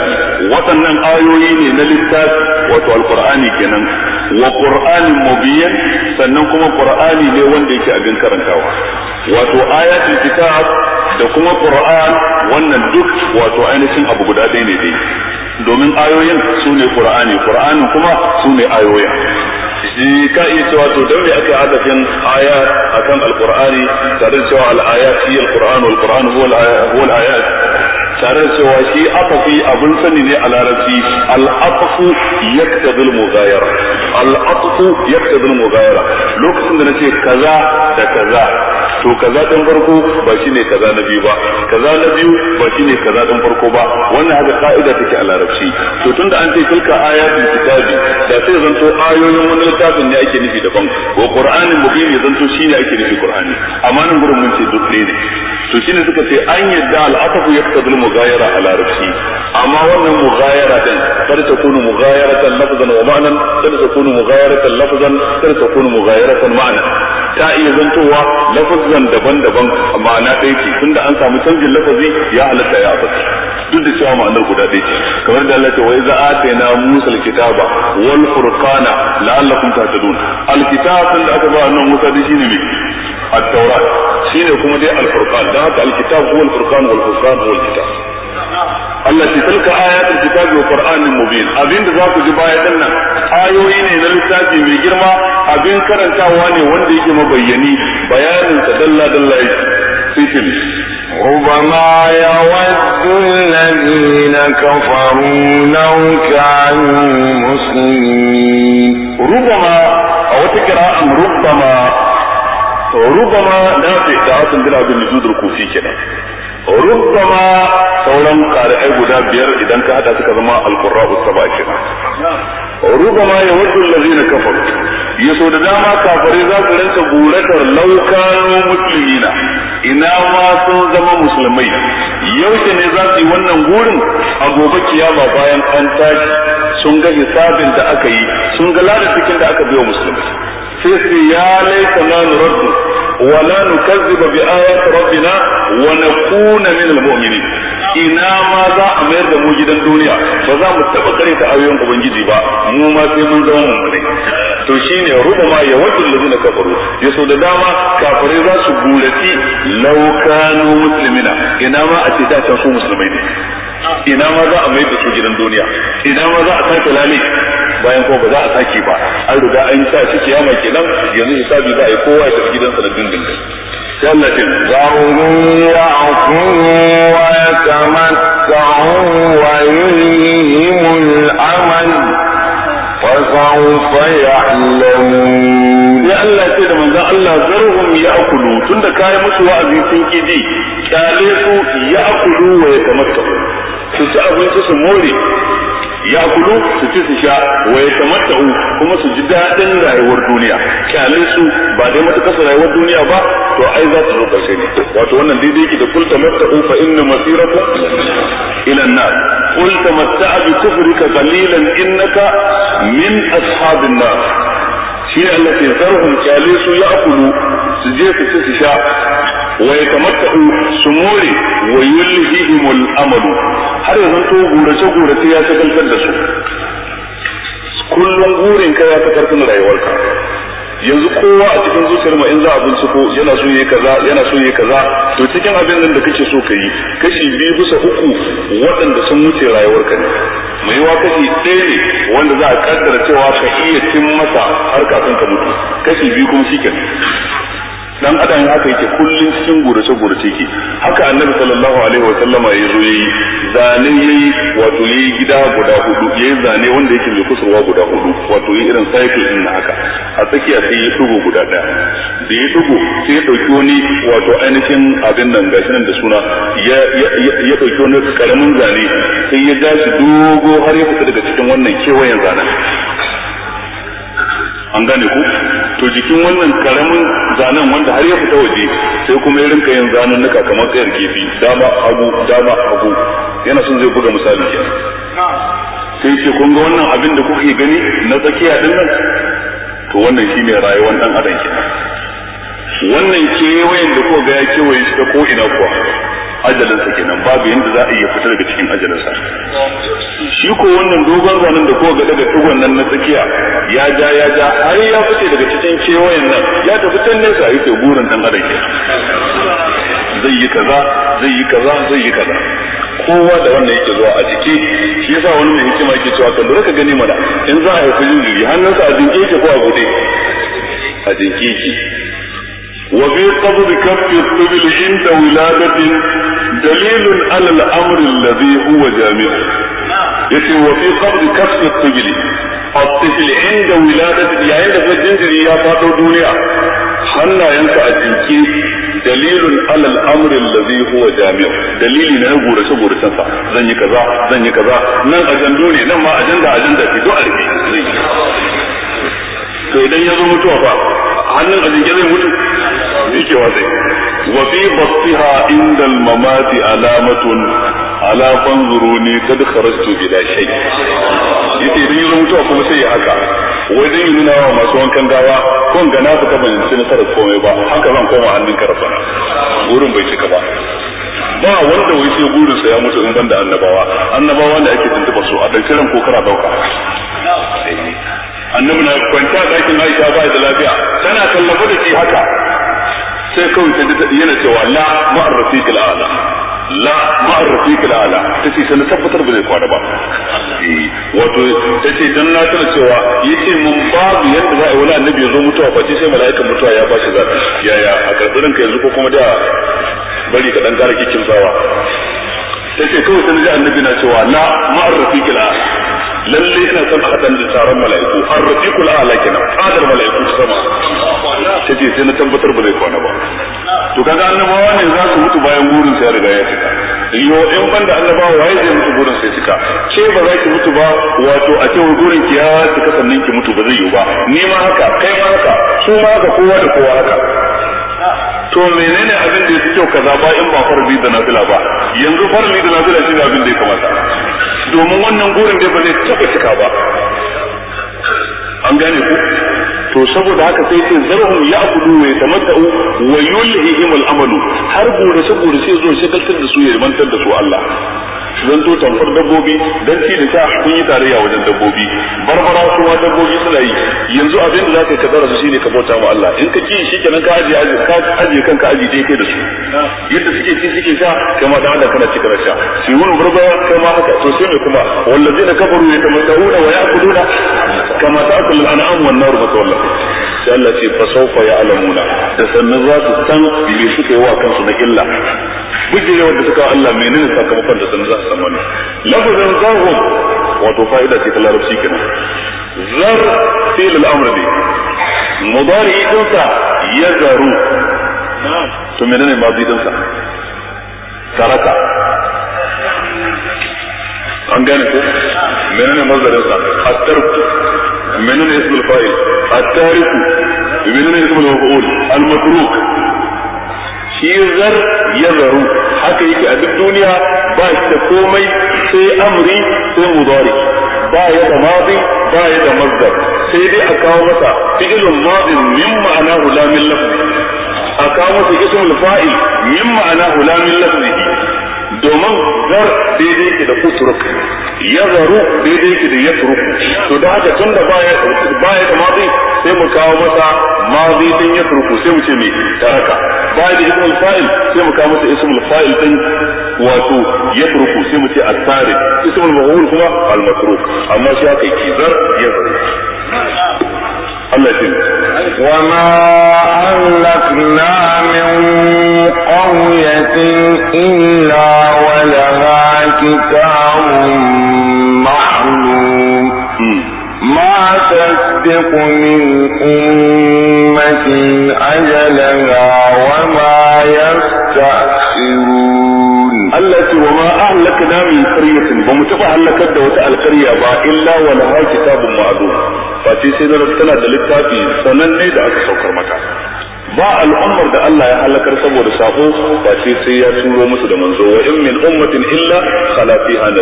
وطن آيوين للكتاب وتو القرآن كنن وقرآن مبين سننكم كما قرآن لون ديك أبن كرنتاوه wato آيات الكتاب da kuma qur'an wannan duk wato ainihin abu guda ɗaya ne dai domin ayoyin su ne qur'ani Qur'ani kuma su ne ayoyin shi ka iya cewa to dan me aka adafin aya akan alqur'ani tare da cewa al-ayat hiya al-qur'an wal qur'an huwa al-ayat tare da cewa shi afafi abun sani ne a larabci yaktabu ya tadil mugayara al'afafu ya tadil mugayara lokacin da nace kaza da kaza to kaza din farko ba shine kaza na biyu ba kaza na biyu ba shine kaza din farko ba wannan haka ka'ida take a larabci to tunda an ce tilka ayatul kitabi da sai zanto ayoyin wani littafin ne ake nufi daban ko qur'ani mubin ya zanto shine ake nufi qur'ani amma nan gurin mun ce duk ne to shine suka ce an yadda al'atafu yaqtadul mughayara a larabci amma wannan mughayara din kada ta kunu mughayaratan lafzan wa ma'nan kada ta kunu mughayaratan lafzan kada ta kunu mughayaratan ma'nan ta iya zantowa lafazan daban-daban amma ma'ana ɗaya ce da an samu canjin lafazi ya halatta ya abaci duk da cewa ma'anar guda ɗaya ce kamar da Allah ce wai wa idza atayna Musa al-kitaba wal furqana la'allakum tahtadun al-kitab da aka ba annabi Musa da shine ne at-taurat shine kuma dai al-furqan dan haka al-kitab huwa al-furqan wal furqan huwa al-kitab Allah ce tilka ayatul kitabi wa qur'anin mubin abinda za ku ji baya din nan ayoyi ne na littafi mai girma abin karantawa ne wanda yake mabayyani bayanin sa dalla dalla yake sitin ربما يود الذين كفروا لو كانوا مسلمين ربما أو تقرأ ربما ربما نافع دعاة بلا بالوجود الكوفي كده rubama sauran ƙari'ai guda biyar idan ka hada suka zama al-qurra'u sab'a kenan rubama yawaddu kafar kafaru yaso da dama kafare za su rinka guratar laukano na. ina ma sun zama musulmai yaushe ne za su yi wannan gurin a gobe kiyama bayan an tashi sun ga hisabin da aka yi sun ga ladar cikin da aka biyo musulmai sai ya laita na nuraddu wa la nukazziba bi ayati rabbina wa nakuna min al ina ma za a mayar da mu gidan duniya ba za mu taba kare ta ayoyin ubangiji ba mu ma sai mun zama ne to shine ruba ma ya wajin lazina kafaru yaso da dama kafirai za su gurati law kanu muslimina ina ma a ce da can su musulmai ne ina ma za a mayar da su gidan duniya ina ma za a sake lale bayan ko ba za a sake ba an riga an sa shi kiyama kenan yanzu hisabi za a yi kowa ya tafi gidansa da dindindin sai Allah ce zaruni ya'kulu wa yatamatta'u wa yulhihimul amal fa sawfa ya'lamun ya Allah ce da manzon Allah zarhum ya'kulu tunda kai musu wa'azi sun ki ji kyale su ya'kulu wa yatamatta'u su ci abinci su more ya kulu su ci su sha wa ya tamatta'u kuma su ji daɗin rayuwar duniya kyalin su ba dai matukar rayuwar duniya ba to ai za su zo karshe ne wato wannan daidai yake da kul tamatta'u fa inna masirakum ila an-nar kul tamatta'a bi kufrika qalilan innaka min ashabin nar shi ne Allah ke zarhum kyale su ya kulu su je su ci su sha ويتمتعوا yatamatta'u su more wa yulhihimul amalu har yanzu to gurace كل ya shagaltar da su kullum gurin ka rayuwarka yanzu kowa a cikin zuciyar ma in za a binciko yana so yi kaza yana so yi kaza to cikin abin nan da kake so ka yi kashi biyu bisa uku waɗanda sun wuce rayuwarka ne mai wa kashi ɗaya ne wanda za a kaddara cewa ka iya cin masa har kafin ka mutu kashi biyu kuma shi dan adam haka yake kullun cikin gurace gurace ke haka annabi sallallahu alaihi wa sallama ya zo yayi zane yayi wato yayi gida guda hudu yayi zane wanda yake mai kusurwa guda hudu wato yayi irin cycle din na haka a tsakiya sai ya dugo guda daya da ya dugo sai ya dauki wani wato ainihin abin nan gashi nan da suna ya ya dauki wani karamin zane sai ya ja shi dogo har ya fita daga cikin wannan kewayen zanen an gane ku to jikin wannan karamin zanen wanda har ya fita waje sai kuma ya rinka yin zanen na kamar tsayar kifi dama hagu dama hagu yana son zai buga misali kenan sai ce kun wannan abin da kuke gani na tsakiya din nan to wannan shine rayuwar dan adam kenan wannan kewayen da kuka ga ya kewaye shi ta ko kuwa ajalinsa kenan babu yanda za a iya fita daga cikin ajalinsa shi ko wannan dogon zanen da ko ga daga tugon nan na tsakiya ya ja ya ja har ya fice daga cikin kewayen nan ya tafi can nesa yake burin dan adam zai yi kaza zai yi kaza zai yi kaza kowa da wannan yake zuwa a jiki shi yasa wani mai hikima yake cewa kan lura ka gani mana in za a haifi jinjiri hannunsa a jinke ko a bude a jinke وفي قبض كف الطفل عند ولادة دليل على الأمر الذي هو جامع yace wa fi qabd kasf at-tibli at-tifl inda wiladati yayin da jinjiri ya fado duniya hannayenka a jinke dalilun alal amrin allazi huwa jami' dalili na gura shi gura zan yi kaza zan yi kaza nan ne nan ma to idan ya zo mutuwa fa hannun a jinke mutu mikewa zai wa fi battiha inda al-mamati alamatun ala fanzuruni kad kharajtu ila shay yace idan yazo mutuwa kuma sai ya haka wai dan nuna wa masu wankan gawa kon ga na fita ban ci nasarar komai ba haka zan koma hannun karfana wurin bai cika ba ba wanda wai sai sa ya mutu in banda annabawa annabawa da ake tuntuba su a dankiran ko kana dauka annabi na kwanta ɗakin Aisha ba da lafiya tana tallafa da shi haka sai kawai ta yana cewa la ma'ar rafiq ala la ma'ar rafiq ta tace sai na tabbatar ba zai kwada ba eh, wato tace dan na tana cewa yace mun babu yadda za a yi wani annabi ya zo mutuwa face sai mala'ikan mutuwa ya bashi za yaya a karɓarin ka yanzu ko kuma da bari ka dan gara kikin sawa ce kawai sai ji annabi na cewa la ma'ar rafiq ala lalle ina son a haɗa da taron mala'iku ar-rafiqul a'la kenan fadar mala'iku sama ta ce sai na tabbatar ba zai kwana ba to kaga annabawa ne za su mutu bayan gurin sai riga ya cika yo in banda annabawa waye zai mutu gurin sai cika ke ba za ki mutu ba wato a ce gurin ki ya cika sannan ki mutu ba zai yi ba ni ma haka kai ma haka su ma haka kowa da kowa haka to menene abin da yake kyau kaza ba in ba farbi da nafila ba yanzu farbi da nafila shi ne abin da ya kamata domin wannan gurin da ba zai taba cika ba an gane ku to saboda haka sai ce zarhum ya'kulu wa yatamatta'u wa yulhihim al-amalu har gore saboda sai zo shagaltar da su ya mantar da su Allah zan to tamfar dabbobi dan ci da sha kun yi tarayya wajen dabbobi barbara kuma dabbobi suna yi yanzu abin da zaka ka su shine ka bauta ma Allah in ka ci shikenan ka aje aje ka aje kanka aje dai kai da su yadda suke ci suke sha kamar da Allah kana ci kana sha shi wani barbara kama haka to sai mai kuma wallazina kafaru yatamatta'una wa ya'kuluna kama ta akul al'am wan nar matawalla sai Allah ce fa sawfa da sannan za su san me suka yi wa kansu na illa bijire wanda suka wa Allah menene sakamakon da sannan za su san wannan lafazin zahum wato ne an gane ko menene mazdarin sa hatta يمنون اسم الفاعل التارك يمنون اسم المفعول المتروك شي ذر يذر حتى يجي ادب دنيا با يتكومي سي امري سي مضاري با يتماضي با يتمزق سي دي اكاوتا فجل الماضي من معناه لا من لفظه اكاوتا اسم الفاعل من معناه لا من لفظه domin zar daidai ke da kuturuk ya zaru daidai ke da yatruk to da haka tun da baya baya da mazi sai mu kawo masa mazi din turuku sai mu ce me taraka baya da ismul fa'il sai mu kawo masa ismul fa'il din wato yatruku sai mu ce asari ismul maf'ul kuma al matruk amma shi haka yi zar ya zaru Allah ce wa ma ahlakna min qaryatin illa wa laha kitabun ma'lum ma tasbiqu min ummatin ajalaha wa ma yasta'khirun Allah ce wa ma ahlaka na min qaryatin ba mu taba halakar da wata alqarya ba illa wa laha kitabun face sai da tana da littafi sananne da aka saukar maka ba al'ummar da Allah ya halakar saboda sako ba sai sai ya turo musu da manzo wa in min ummatin illa khala fiha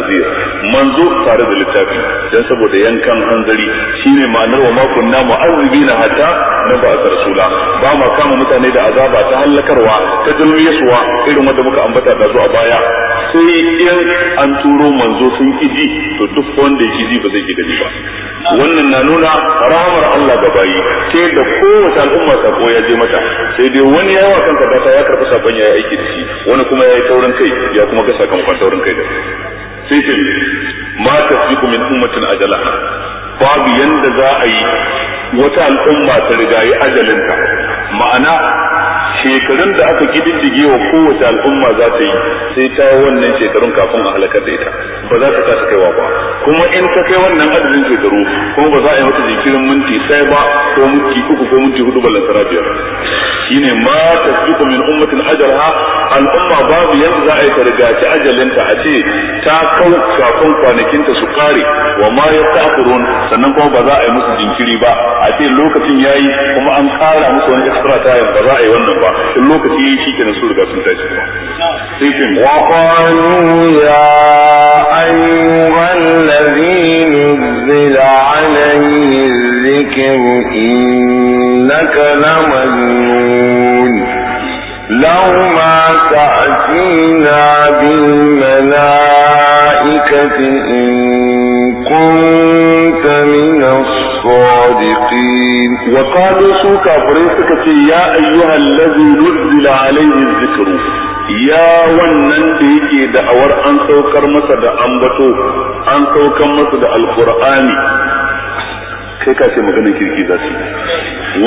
manzo tare da littafi dan saboda yankan hanzari shine ma'anar wa makunna mu'azzibina hatta na ba a rasula ba ma kama mutane da azaba ta halakarwa ta dulmiyasuwa irin wanda muka ambata da zuwa baya sai in an turo manzo sun kiji to duk wanda ya kiji ba zai ji ba wannan na nuna rahamar Allah ga bayi sai da kowace al'umma sako ya je mata sai dai wani ya wa kanka ba ya karɓi sakon ya aiki da shi wani kuma ya yi taurin kai ya kuma ga sakamakon taurin kai da sai ce ma tasbiqu min ummatin ajala babu yadda za a yi wata al'umma ta rigayi ajalinta ma'ana shekarun da aka kididdige wa kowace al'umma za ta yi sai ta wannan shekarun kafin a halakar da ita ba za ta kasa kaiwa ba kuma in ka kai wannan adadin shekaru kuma ba za a yi mata jikirin minti sai ba ko minti uku ko minti hudu balantara biyar ne ma tasbiqu min ummatin ajar ha al'umma babu yanzu za a yi ta ajalinta a ce ta kau kafin kwanakinta su kare wa ma ya ta sannan kuma ba za a yi musu jinkiri ba a ce lokacin ya yi kuma an kara musu wani extra time ba za a yi wannan ba lokaci shi ke shikenan su riga sun tashi kuma sai ce wa qalu ya ayyuhal ladhina zila alayhi dhikr innaka lamajnun law ma ta'tina bil malaikati الصادقين وقالوا سوكا فريسك يا أيها الذي نزل عليه الذكر يا wannan da yake da'awar an saukar masa da ambato an saukar masa da alqur'ani kai ka ce maganar kirki za su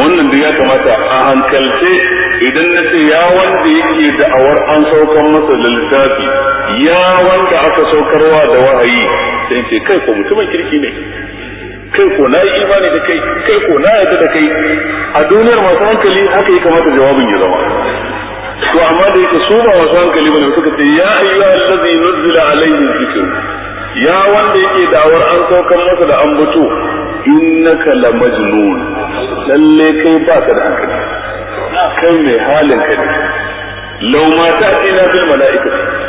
wannan da kamata a hankalce idan na ce ya wanda yake da'awar an saukan masa da littafi ya wanda aka saukarwa da wahayi sai kai ko mutumin kirki ne kai ko na yi imani da kai kai ko na yadda da kai a duniyar masu hankali haka ya kamata jawabin ya zama to amma da yake su ba masu hankali bane suka ce ya ayyuha allazi nuzila alayhi dhikr ya wanda yake dawar an saukan masa da an ambato innaka la majnun lalle kai ba ka da hankali kai mai halin ka ne law ma ta'tina bil mala'ikati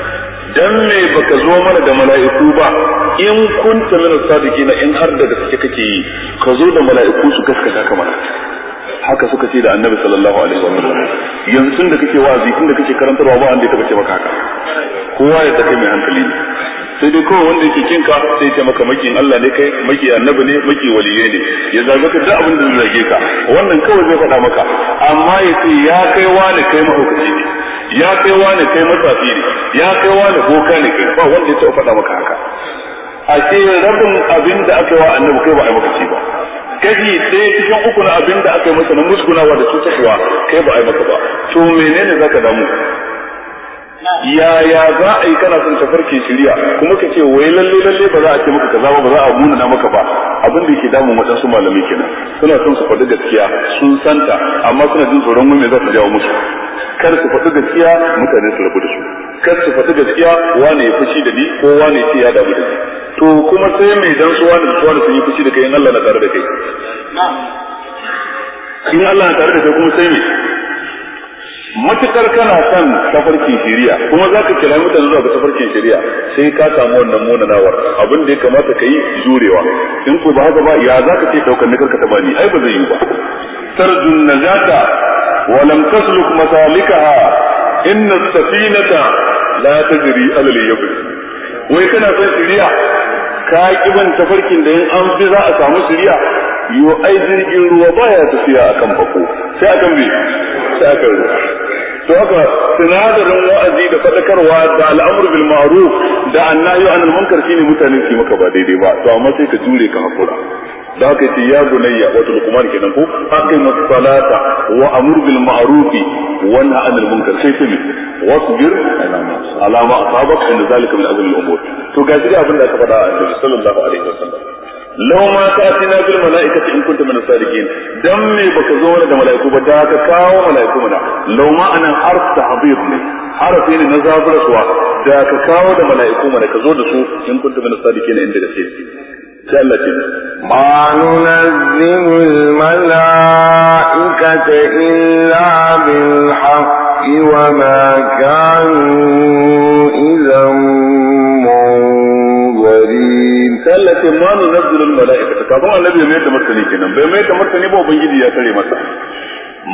dan me baka zo mana da mala'iku ba in kunta min na in har da gaske kake yi ka zo da mala'iku su gaskata ka mana haka suka ce da annabi sallallahu alaihi wasallam yanzu da kake wazi tun da kake karantarwa ba an da kake maka haka kowa ya tafi mai hankali ne sai dai kowa wanda yake kinka sai ta maka makin Allah ne kai maki annabi ne maki waliyai ne ya zaga ka duk abin da zage ka wannan kawai zai faɗa maka amma ya ce ya kai wani kai mahaukaci ne ya kai wani kai matsafi ne ya kai wani boka ne kai ba wanda ya taɓa faɗa maka haka a ce rabin abin da aka yi wa annabi kai ba a yi maka ci ba kaji ɗaya cikin uku na abin da aka yi masa na musgunawa da cutarwa kai ba a yi maka ba to menene zaka damu yaya za a yi kana son tafarki shirya kuma ka ce wai lalle lalle ba za a ce maka kaza ba ba za a na maka ba abin da yake damun waɗansu malamai kenan suna son su faɗi gaskiya sun santa amma suna jin tsoron mai za su jawo musu kar su faɗi gaskiya mutane su rabu da su kar su faɗi gaskiya wane ya fushi da ni ko wane ya ya damu da ni to kuma sai mai dan su wani su da sun yi fushi da kai in Allah na tare da kai in Allah na tare da kai kuma sai mai matukar kana son tafarkin shari'a kuma za ka kira mutane zuwa ga tafarkin shari'a sai ka samu wannan munanawar abin da ya kamata ka yi jurewa in ko ba haka ba ya za ka ce daukar nikar ka ta ni ai ba zai yi ba tarjun najata wa lam tasluk masalikaha inna safinata la tajri ala al-yabr wai kana son shari'a ka ki ban tafarkin da in an fi za a samu shari'a yo ai jirgin ruwa baya tafiya akan bako sai akan bi yadda aka yi to haka sinadarin wa'azi da fadakarwa da al'amur bil ma'ruf da annahi anil munkar shine mutane su maka ba daidai ba to amma sai ka jure ka hakura da haka ce ya bunayya wato lukman kenan ko aqim as-salata wa amur bil ma'ruf wa nahy anil munkar sai ce wasbir ala ma asabaka inna zalika min azmi al-umur to gaji shi abin da aka faɗa a sallallahu alaihi wasallam لو ما تأتينا بالملائكة إن كنت من الصادقين دمي بكزولة ملائكو بداك كاو ملائكو منا لو ما أنا أرض تعبير لي حرفين نزاب رسوا داك كاو دا ملائكو منا كزولة سوء إن كنت من الصادقين عند رسيل سألة ما ننزل الملائكة إلا بالحق وما كانوا إذا sai Allah ce ma nu nazzulul malaikata kafin annabi mai da martani kenan bai mai da martani ba ubangiji ya kare masa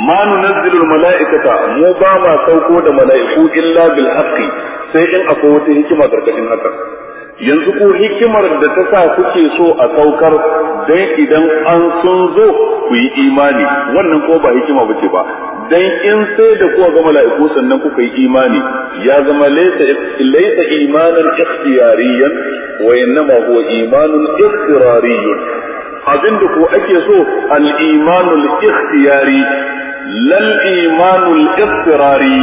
ma nu nazzulul malaikata mu ba ma sauko da mala'iku illa bil haqqi sai in akwai wata hikima gargadin haka yanzu ku hikimar da ta sa kuke so a saukar dan idan an sun zo ku yi imani wannan ko ba hikima bace ba dan in sai da kuwa ga mala'iku sannan kuka yi imani ya zama laysa imanan ikhtiyariyan wa innama huwa imanun iqrariyun abinda ko ake so al-imanul ikhtiyari lal imanul ikhtirari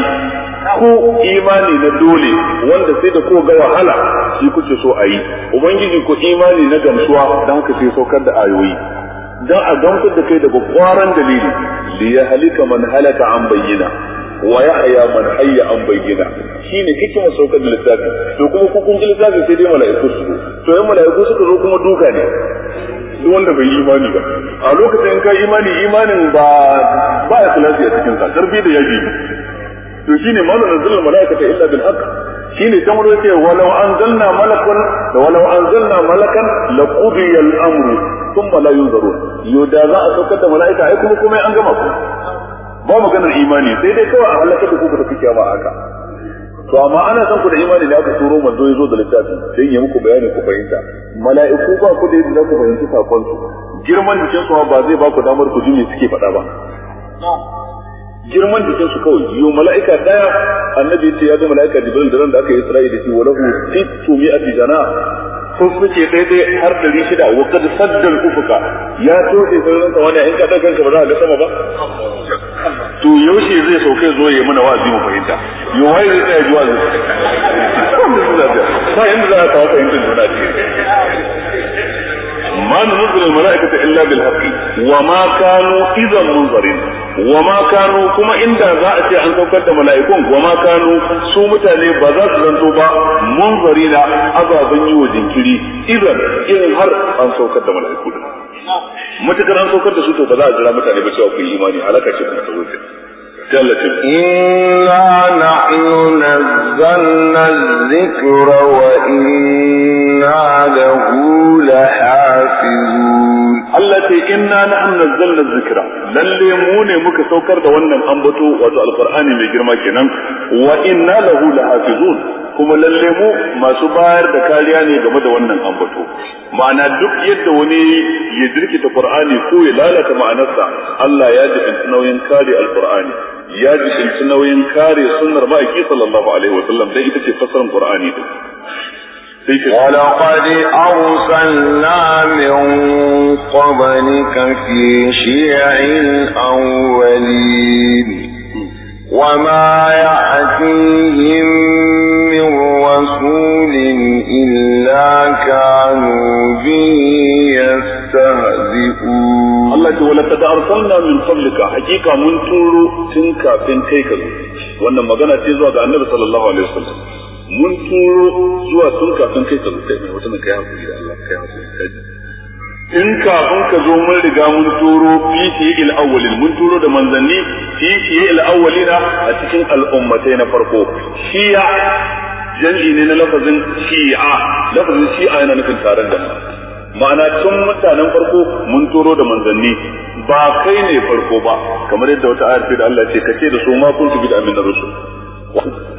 ko imani na dole wanda sai da ko ga wahala shi kuke so a yi ubangiji ko imani na gamsuwa don ka sai kar da ayoyi don a gamsar da kai daga kwaran dalili li ya halika man halaka an bayyana wa ya haya man hayya an bayyana shine hikima saukar da littafi to kuma ku kun ji littafi sai dai mala'iku su to yan mala'iku suka zo kuma duka ne duk wanda bai imani ba a lokacin ka imani imanin ba ba ya a cikin sa karfi da yaji to shine maula nazzal ta illa bil haqq shine can wurin ce walau anzalna malakan da walau anzalna malakan la al amru thumma la yunzarun Yuda za a saukar da malaika ai kuma kuma an gama ku ba mu ganin imani sai dai kawai a halaka da ku da kuke ba haka to amma ana son ku da imani da aka turo manzo ya zo da littafin dan ya muku bayani ku fahimta mala'iku ba ku da yadda za ku fahimci sakon su girman jikin su ba zai ba ku damar ku jini suke faɗa ba girman jikin su kawai yiwu mala'ika daya annabi ce ya zo mala'ika jibril da ran da aka yi isra'i da shi wa lahu sittu mi'ati jana sun suke dai har dari shida wa kad saddan ufuka ya toshe sararin wani in ka daukan ka ba za ka ga sama ba to yaushe zai sauke zo ya mana wa'azi mu fahimta yo wai zai tsaya juwa wa'azi sai inda za ka kawo fahimtar juna ce ما ننزل الملائكة إلا بالحق وما كانوا إذا منظرين وما كانوا كما إن ذات أن توكلت ملائكون وما كانوا سومتا لبذات زنتوبا منظرين أبا بني وجنكري إذا إن هر أن توكلت ملائكون matakar an saukar da su to ba za a jira mutane ba cewa ku yi imani halaka ce kuma ta wuce إنا نحن نزلنا الذكر وإنا له لحافظون التي إنا نحن نزلنا الذكر لليمون سوكر دون الأنبتو وضع القرآن لجرما كنان وإنا له لحافظون كما لليمو ما سوبر دكالياني دوما دوانا الأنبتو معنى دوك يدوني يدركي القرآن يقول لا لا معنى الله يجب أن تنوين كالي القرآن. ya jishinci nauyin kare sunnar ma'aiki sallallahu alaihi wasallam dan ita ce fasarin qur'ani din ولقد أرسلنا من قبلك في شيع الأولين وما يأتيهم من رسول إلا كانوا به يستهزئون Allah ce wala kada arsalna min qablika hakika mun turo tun kafin kai ka zo wannan magana ce zuwa ga Annabi sallallahu alaihi wasallam mun turo zuwa tun kafin kai ka zo kai wata mai kai hakuri da Allah kai hakuri kai in kafin ka zo mun riga mun turo fi fiyil awwalin mun turo da manzanni fi fiyil awwalina a cikin al'ummatai na farko shi'a jan'i ne na lafazin shi'a lafazin shi'a yana nufin taron jama'a ma'ana tun mutanen farko mun turo da manzanni ba kai ne farko ba kamar yadda wata ayar da Allah ce kace da su ma kun su bid'a min rusul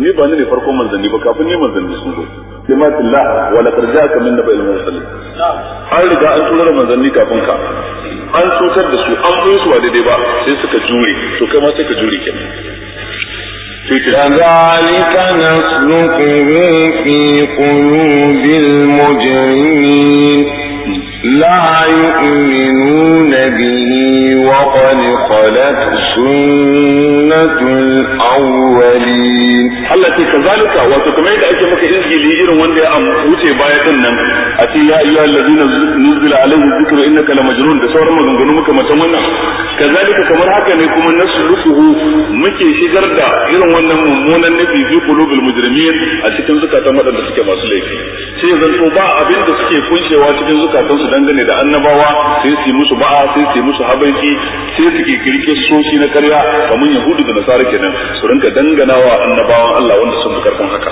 ni ba ni ne farko manzanni ba kafin ni manzanni sun zo كلمات الله ولقد جاءك min نبأ mursal an riga an tura da manzanni kafin ka an cutar da su an koyi su ba daidai ba sai suka jure to kai ma sai ka jure kenan كذلك نسلكه في قلوب المجرمين means لا يؤمنون به وقد خلت سنة الأولين Allah ce ka zalika wato kamar yadda ake maka izgili irin wanda ya wuce baya kan nan a ce ya ayyuhal ladina nuzila alaihi dhikru innaka lamajnun da sauran maganganu muka matan wannan kazalika kamar haka ne kuma nasluhu muke shigar da irin wannan mummunan nafi fi qulubil mujrimin a cikin zukatan wadanda suke masu laifi sai ba abinda da suke kunshewa cikin zukatan su dangane da annabawa sai su yi musu ba'a sai su yi musu habanci sai su ke kirkir soshi na karya kamar yahudu da nasara kenan su rinka danganawa annabawan Allah wanda sun fi karfin haka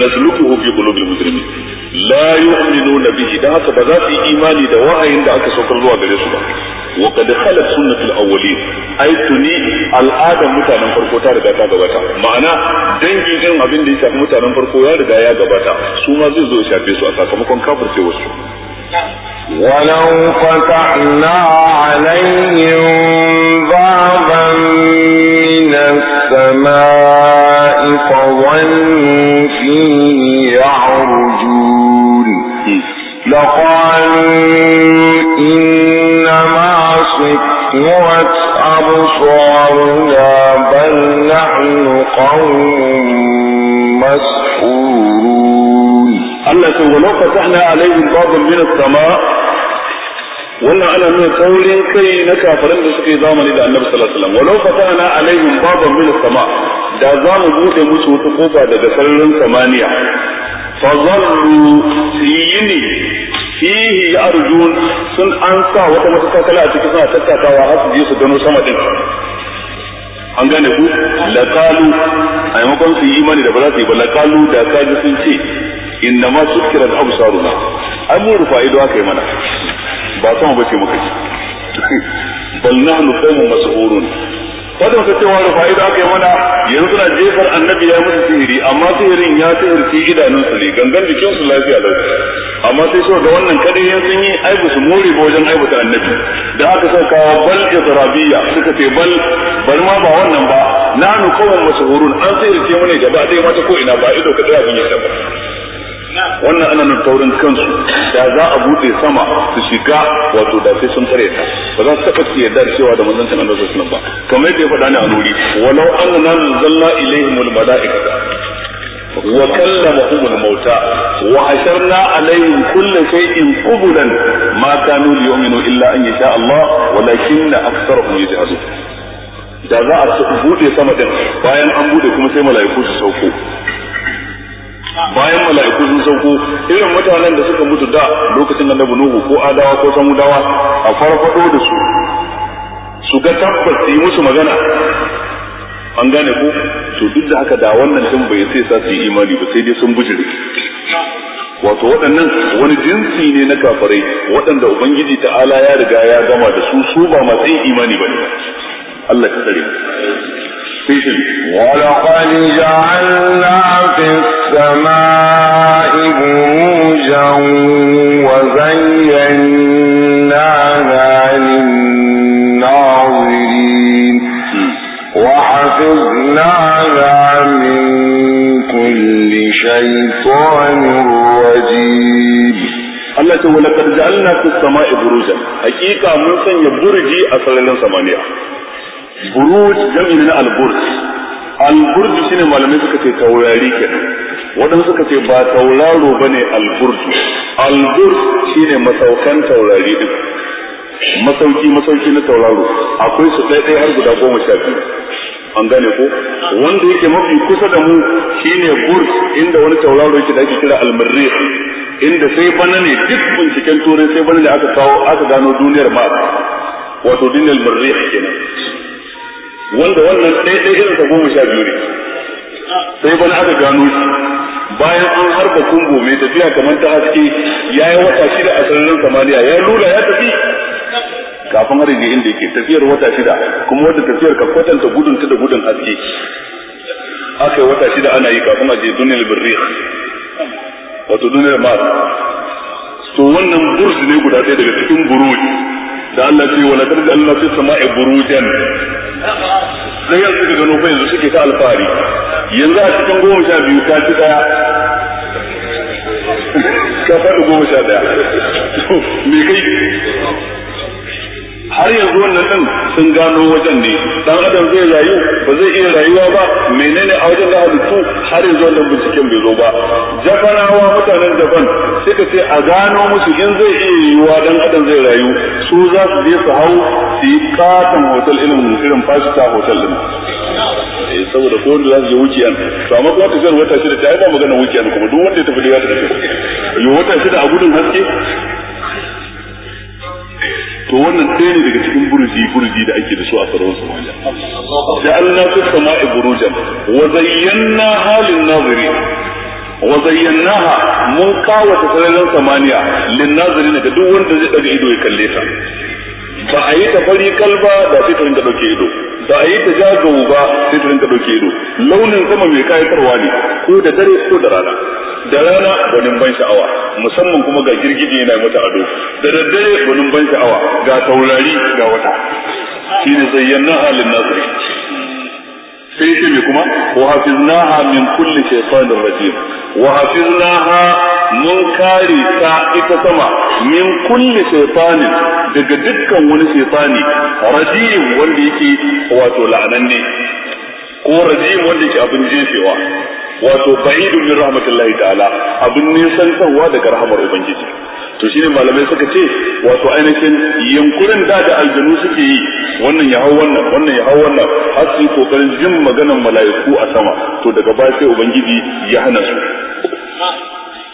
nasluquhu fi qulubil mujrimin la yu'minuna bihi da haka ba za su yi imani da wahayin da aka saukar zuwa gare su ba wa qad khalat sunnatul awwalin ai tuni al'adan mutanen farko ta riga ta gabata ma'ana dangin irin abin da ya shafi mutanen farko ya riga ya gabata su ma zai zo ya shafe su a sakamakon kafirce wasu ولو فتحنا عليهم بابا من السماء فظنوا فيه يعرجون لقالوا إنما صفوت أبصارنا بل نحن قوم Allah ce wa min sama wannan ana nuna saurin kai na kafiran da suke zamani da Annabi sallallahu alaihi wasallam wa law fatahna alaihim babun min sama da za mu bude musu wata kofa daga sararin samaniya fa zallu fihi sun an sa wata matakala a cikin suna tattakawa har su je su gano sama din an gane ku Lakalu. a maimakon su yi imani da ba za su yi ba lakalu da kaji sun ce inna ma sukkirat absaruna ai mu rufa ido aka yi mana ba sama bace muka ci bal nahnu qawmun mas'urun fadin ka cewa rufa ido aka yi mana yanzu suna jefar annabi ya mutu sihiri amma sihirin ya idanun su ne gangan su lafiya lafiya amma sai so da wannan kadai yan sun yi aibu su mori ba wajen aibuta annabi da aka sa ka bal israbiya suka ce bal bal ma ba wannan ba nanu mu masu hurun an sai rike mu ne gaba ɗaya mata ko ina ba ido ka tsaya mun ya ba. wannan ana nan taurin kansu da za a bude sama su shiga wato da sai sun kare ta ba za su taba su yarda cewa da manzon Allah sallallahu alaihi ba kamar yadda ya faɗa ne a nuri walau annana nazzalna ilaihimul malaikata وكلمهم الموتى وحشرنا عليهم كل شيء قبلا ما كانوا ليؤمنوا الا ان يشاء الله ولكن اكثرهم يجهلون da za a buɗe sama din bayan an buɗe kuma sai mala'iku su sauko bayan mala'iku sun sauko irin mutanen da suka mutu da lokacin annabi nuhu ko adawa ko samudawa a farfado da su su ga tabbas yi musu magana an gane ko to duk da haka da wannan din bai sai sa su yi imani ba sai dai sun bujire wato waɗannan wani jinsi ne na kafirai waɗanda ubangiji ta'ala ya riga ya gama da su su ba masu imani ba ne Allah ka tsare ولقد جعلنا في السماء بروجا وزيناها للناظرين وحفظناها من كل شيطان رجيم الله تقول لقد جعلنا في السماء بروجا حقيقة من سنة برجي أصلنا سمانية buruj jam'i na al-burj al-burj shine malamai suka ce taurari kenan waɗansu suka ce ba tauraro bane al-burj al-burj shine masaukan taurari din masauki masauki na tauraro akwai su ɗaya ɗaya har guda goma sha biyu an gane ko wanda yake mafi kusa da mu shine burj inda wani tauraro yake da ake kira al inda sai bana ne duk binciken turai sai bana ne aka kawo aka gano duniyar ma wato duniyar marrikh kenan wanda wannan ɗaya ɗaya irinsa goma sha biyu ne sai bana aka gano shi bayan an harba kungo mai tafiya kamar ta haske ya yi wata shida a sararin samaniya ya lula ya tafi kafin harin da inda yake tafiyar wata shida kuma wata tafiyar ka kwatanta gudun ta da gudun haske aka yi wata shida ana yi kafin a je duniyar birri wato duniyar mar to wannan burj ne guda ɗaya daga cikin buruj da Allah ce wala tarji Allah fi sama'i burujan sai yanzu suka gano fa yanzu suke ta alfahari yanzu a cikin goma sha biyu ta ci daya ka faɗi goma sha daya me kai har yanzu wannan din sun gano wajen ne dan adam zai rayu ba zai iya rayuwa ba menene a wajen da halittu har yanzu wannan binciken bai zo ba jafarawa mutanen japan suka ce a gano musu in zai iya yiwuwa dan adam zai rayu su za su je su hau su yi katon hotel ilimin irin fasita hotel din eh, saboda ko wanda za su je wukiyan to amma kuma zai wata shida ta yi ba magana wukiyan kuma duk wanda ya tafi da ya tafi yo wata shida a gudun haske to wannan ɗaya ne daga cikin burji burji da ake da su a sararin samaniya da Allah ta sama iburujan wa zayyana halin nazari wa zayyanaha mun kawo kawata sararin samaniya lin nazari ga duk wanda zai daga ido ya kalle ta ba a yi ta fari kalba da sai ta rinka dauke ido ba a yi ta jagawo ba sai ta rinka ɗauke ido launin sama mai kayatarwa ne ko da dare ko da rana da rana gwanin ban sha'awa musamman kuma ga girgije yana mata ado da daddare gwanin ban sha'awa ga taurari ga wata Shi ne sayyan nan halin nasu sai ce mai kuma wa hafiznaha min kulli shaytanir rajim wa hafiznaha mun kare ta ita sama min kulli shaytanin daga dukkan wani shaytani rajim wanda yake wato la'ananne ko rajim wanda yake abin jefewa wato ba'idun min rahmatullahi ta'ala abin nisan nisantarwa daga rahmar ubangiji to shine malamai suka ce wato ainihin yankurin da da aljanu suke yi wannan ya hau wannan wannan ya hau wannan har su yi kokarin jin maganar mala'iku a sama to daga baya sai ubangiji ya hana su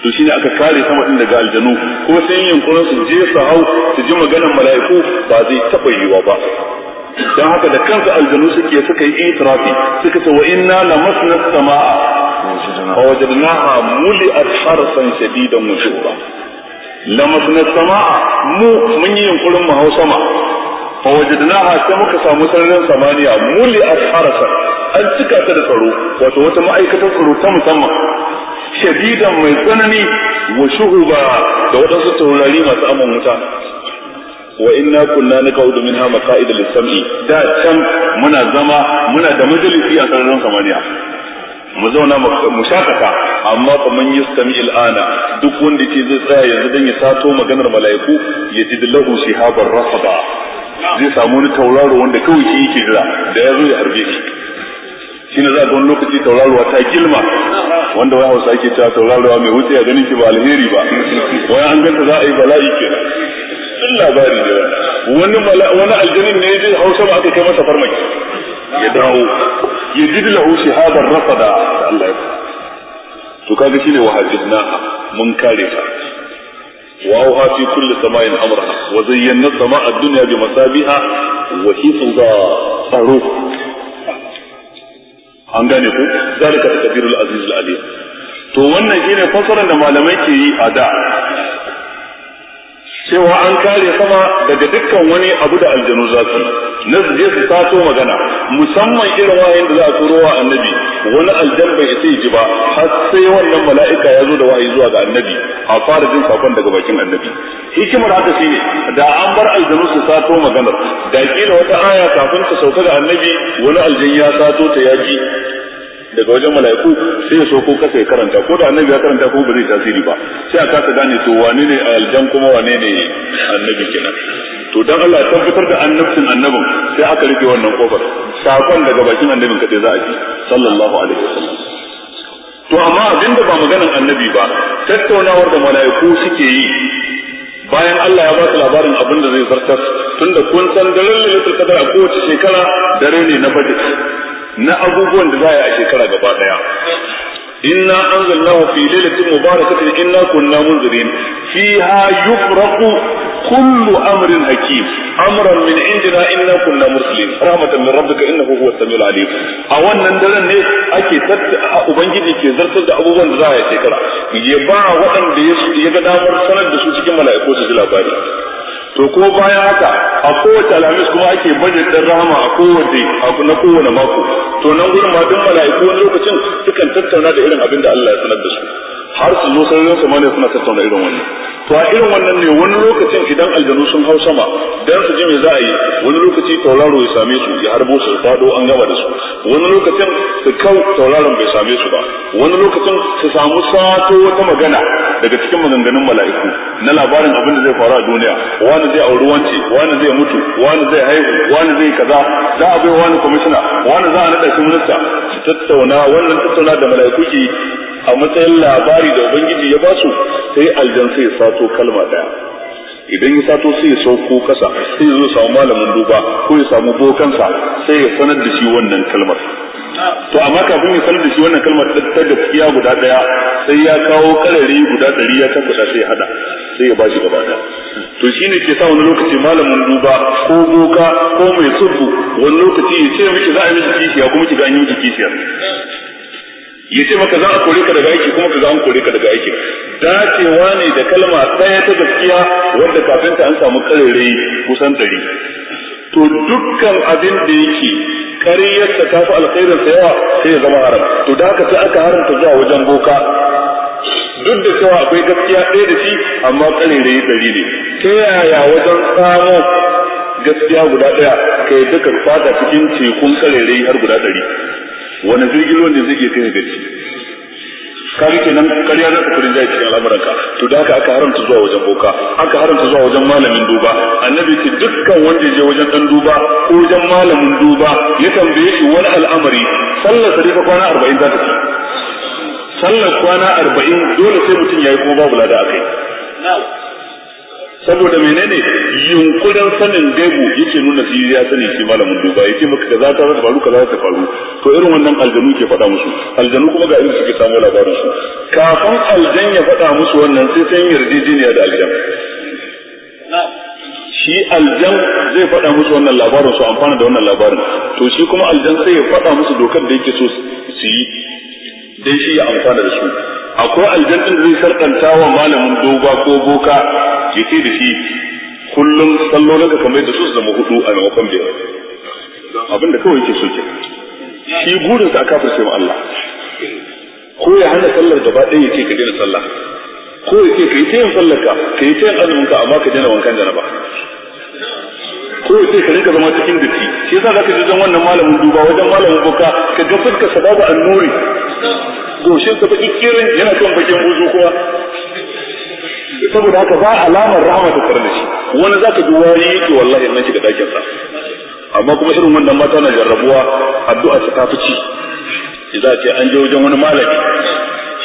to shine aka kare sama din daga aljanu kuma sai yankurin su je su hau su ji maganar mala'iku ba zai taba yiwa ba don haka da kansa aljanu suke suka yi itirafi suka ce wa inna lamasna samaa fa wajadnaha muli'at harsan shadidan wa lamasna sama'a mu mun yi yunkurin mu hau sama fa wajadnaha sai muka samu sararin samaniya muli asharasa an cika ta da tsaro wato wata ma'aikatar tsaro ta musamman shadidan mai tsanani wa shuhuba da waɗansu taurari masu amon wuta wa inna kunna naqaudu minha maqa'id lis-sam'i da can muna zama muna da majalisi a sararin samaniya mu zauna mu shakata amma fa man yastami al'ana duk wanda ke zai tsaya yanzu dan ya sato maganar mala'iku ya ji lahu shihabar rasaba zai samu wani tauraro wanda kawai shi yake jira da ya zo ya harbe shi shine za ga wani lokaci tauraruwa ta gilma wanda wai hausa ke cewa tauraruwa mai wuce a ganin shi ba alheri ba wai an ganta za a yi bala'i ke sun labari ne wani wani aljanin ne ya hausa ba aka kai masa farmaki ya dawo يجد له شهادة رفضا الله تكاد شيني وحجبناها منكارفة وأوها في كل سماء أمرها وزينا سماء الدنيا بمسابها وحفظا صاروخ an gane ku zalika takbirul aziz al alim to wannan shine fasaran da malamai ke yi a da cewa an kare sama daga dukkan wani abu da aljanu za su na su su taso magana musamman irin wayan da za a turo wa annabi wani aljan bai isa ji ba har sai wannan mala'ika ya zo da wahayi zuwa ga annabi a fara jin sakon daga bakin annabi hikimar haka shine da an bar aljanu su sato maganar da kila wata aya kafin ta sauka ga annabi wani aljan ya sato ta yaki daga wajen mala'iku sai ya ko kasa ya karanta ko da annabi ya karanta ko ba zai tasiri ba sai a kasa gane to wane ne aljan kuma wane ne annabi kenan to dan Allah ya tabbatar da annabcin annabin sai aka rike wannan kofar sakon daga bakin annabin kade za a ji sallallahu alaihi wasallam to amma da ba maganan annabi ba tattaunawar da mala'iku suke yi bayan Allah ya ba su labarin abin da zai zartar tunda kun san daren lailatul qadar a kowace shekara dare ne na bade na abubuwan da za a yi a shekara gaba daya inna anzalnahu fi lailatin mubarakatin inna kunna munzirin fiha yufraqu kullu amrin hakim amran min indina inna kunna muslim rahmatan min rabbika innahu huwas samiul alim a wannan daren ne ake tatta ubangiji ke zartar da abubuwan da za a yi shekara ya ba waɗanda ya ga damar sanar da su cikin mala'iku su ji labari to ko baya haka a kowace alhamis kuma ake bajet din rama a kowace na kowane mako to nan gudun ma duk mala'iku wani lokacin sukan tattauna da irin abin da Allah ya sanar da su har su zo sararin samaniya suna tattauna irin wannan to a irin wannan ne wani lokacin idan aljanu sun hau sama dan su ji me za a yi wani lokaci tauraro ya same su ya harbo su fado an gama da su wani lokacin su kau tauraron bai same su ba wani lokacin su samu sato wata magana daga cikin maganganun mala'iku na labarin abin da zai faru a duniya wani zai auri wanci wani zai mutu wani zai haihu wani zai kaza za a bai wani kwamishina wani za a naɗa shi minista su tattauna wannan tattauna da mala'iku ke a matsayin labari da ubangiji ya ba su sai aljan sai sato kalma daya idan ya sato sai ya sauko kasa sai ya zo samu malamin duba ko ya samu bokansa sai ya sanar da shi wannan kalmar to amma kafin ya sanar da shi wannan kalmar ta gaskiya guda daya sai ya kawo kalari guda ɗari ya tabbata sai ya hada sai ya bashi gaba daya to shine ke sa wani lokaci malamin duba ko boka ko mai tsubu wani lokaci ya ce miki za a yi miki kishiya kuma ki ga an yi miki kishiya ya ce maka za a kore ka daga aiki kuma ka za a kore ka daga aiki dacewa ne da kalma ɗaya ta gaskiya wanda kafin ta an samu karere kusan ɗari to dukkan abin da yake kariyarsa ta fi alkhairin sa yawa sai ya zama haram to da haka sai aka haramta zuwa wajen boka duk da cewa akwai gaskiya ɗaya da shi amma karere ɗari ne ta yaya wajen samo gaskiya guda ɗaya kai duka fada cikin tekun karere har guda ɗari wani jirgin ruwan ne zai iya kai gaci kaga nan karya za ta kudin zai cikin al'amuranka to da haka aka haramta zuwa wajen boka aka haramta zuwa wajen malamin duba annabi ce dukkan wanda ya je wajen dan duba ko wajen malamin duba ya tambaye shi wani al'amari sallar sarifa kwana arba'in za ta ci sallar kwana arba'in dole sai mutum ya yi kuma babu lada a kai saboda menene yunkurin sanin gaibu yake nuna shi ya sani shi malamin duba yake maka kaza ta faru kaza ta faru to irin wannan aljanu ke faɗa musu aljanu kuma ga irin suke samu labarin su kafin aljan ya faɗa musu wannan sai san yarjejeniya da aljan shi aljan zai faɗa musu wannan labarin su amfana da wannan labarin to shi kuma aljan sai ya faɗa musu dokar da yake so su yi dai shi ya amfana da su akwai aljannin zai sarkanta wa malamin doga ko boka ya ce da shi kullum sallolin ka kamar da su zama hudu a maimakon biyar da kawai yake so ke shi burinsa a kafin ma Allah ko ya hana sallar gaba ɗaya ya ce ka daina sallah ko ya ce ka yi tayin sallar ka ka yi tayin azumin ka amma ka daina wankan da na ba ko ya ce ka rinka zama cikin datti shi yasa zaka ji dan wannan malamin duba wajen malamin boka ka ga fuskar sababa annuri goshin ka baki kirin yana kan bakin wuzu kuwa saboda haka ba alamar rahama ta tare da shi wani za ka ji wari yake wallahi nan shiga dakin sa amma kuma irin wannan mata na jarrabuwa addu'a ta tafi ci idan ce an je wajen wani malami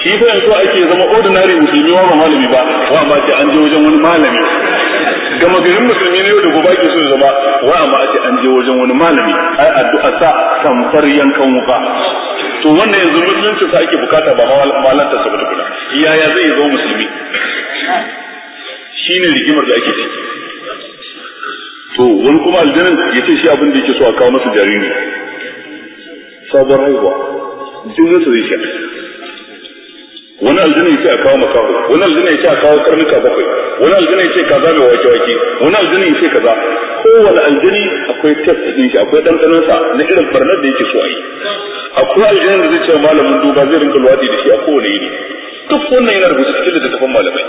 shi fa yanzu ake zama ordinary musulmi wa malami ba wa ma ce an je wajen wani malami ga magarin musulmi ne da gobe ake so ya zama wa amma ake an je wajen wani malami ai addu'a sa tamfar yankan wuka to wannan yanzu musulunci sa ake bukata ba malanta saboda kula ya zai zo musulmi shine rigimar da ake ciki to wani kuma aljanin ya ce shi abin da yake so a kawo masa jariri sabon haihuwa jinin su zai shi wani aljina ya ce a kawo makaho wani aljina ya ce a kawo karnuka bakwai wani aljina ya ce kaza mai wake wake wani aljina ya ce kaza kowane aljini akwai test din shi akwai dandanon sa na irin barnar da yake so a yi akwai aljinin da zai ce malamin duba zai rinka luwadi da shi a kowane yini duk wannan yana rubuta cikin littattafan malamai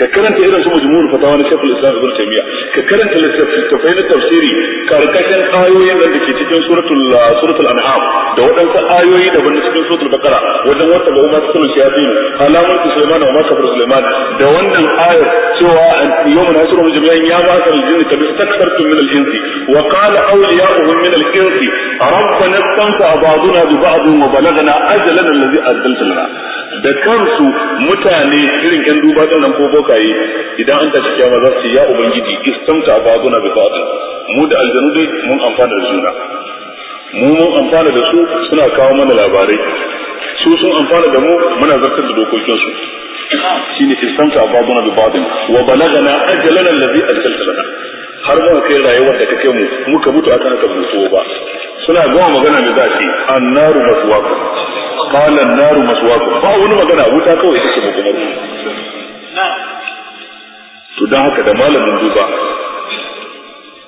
ka karanta irin su majmu'ul fatawa na Sheikhul Islam Ibn Taymiyyah ka karanta littattafai na tafsiri karkashin ayoyin da ke cikin suratul suratul an'am da waɗansu ayoyi da na cikin suratul baqara wajen wata ba umma suratul shayatin alamun Sulaiman wa makafir Sulaiman da wannan ayar cewa yawma nasruhum jami'an ya ma'asar al-jinni kad istakfartum min al-insi wa qala awliya'uhum min al-insi ربنا استنفع بعضنا ببعض وبلغنا اجلنا الذي da kansu mutane irin yan duba din nan ko bokaye idan an tashi kiyama za su ya ubangiji istamta na bi ba'd mu da aljanu dai mun amfana da juna mu mun amfana da su suna kawo mana labarai su sun amfana da mu muna zartar da dokokin su shine istamta na bi ba'd wa balagana ajalana allazi ajalta lana har muka kai rayuwar da ta kai mu muka mutu aka haka mu ba suna gama magana da za su annaru maswaku qala annaru maswaku ba wani magana wuta kawai take makomar to dan haka da malamin duba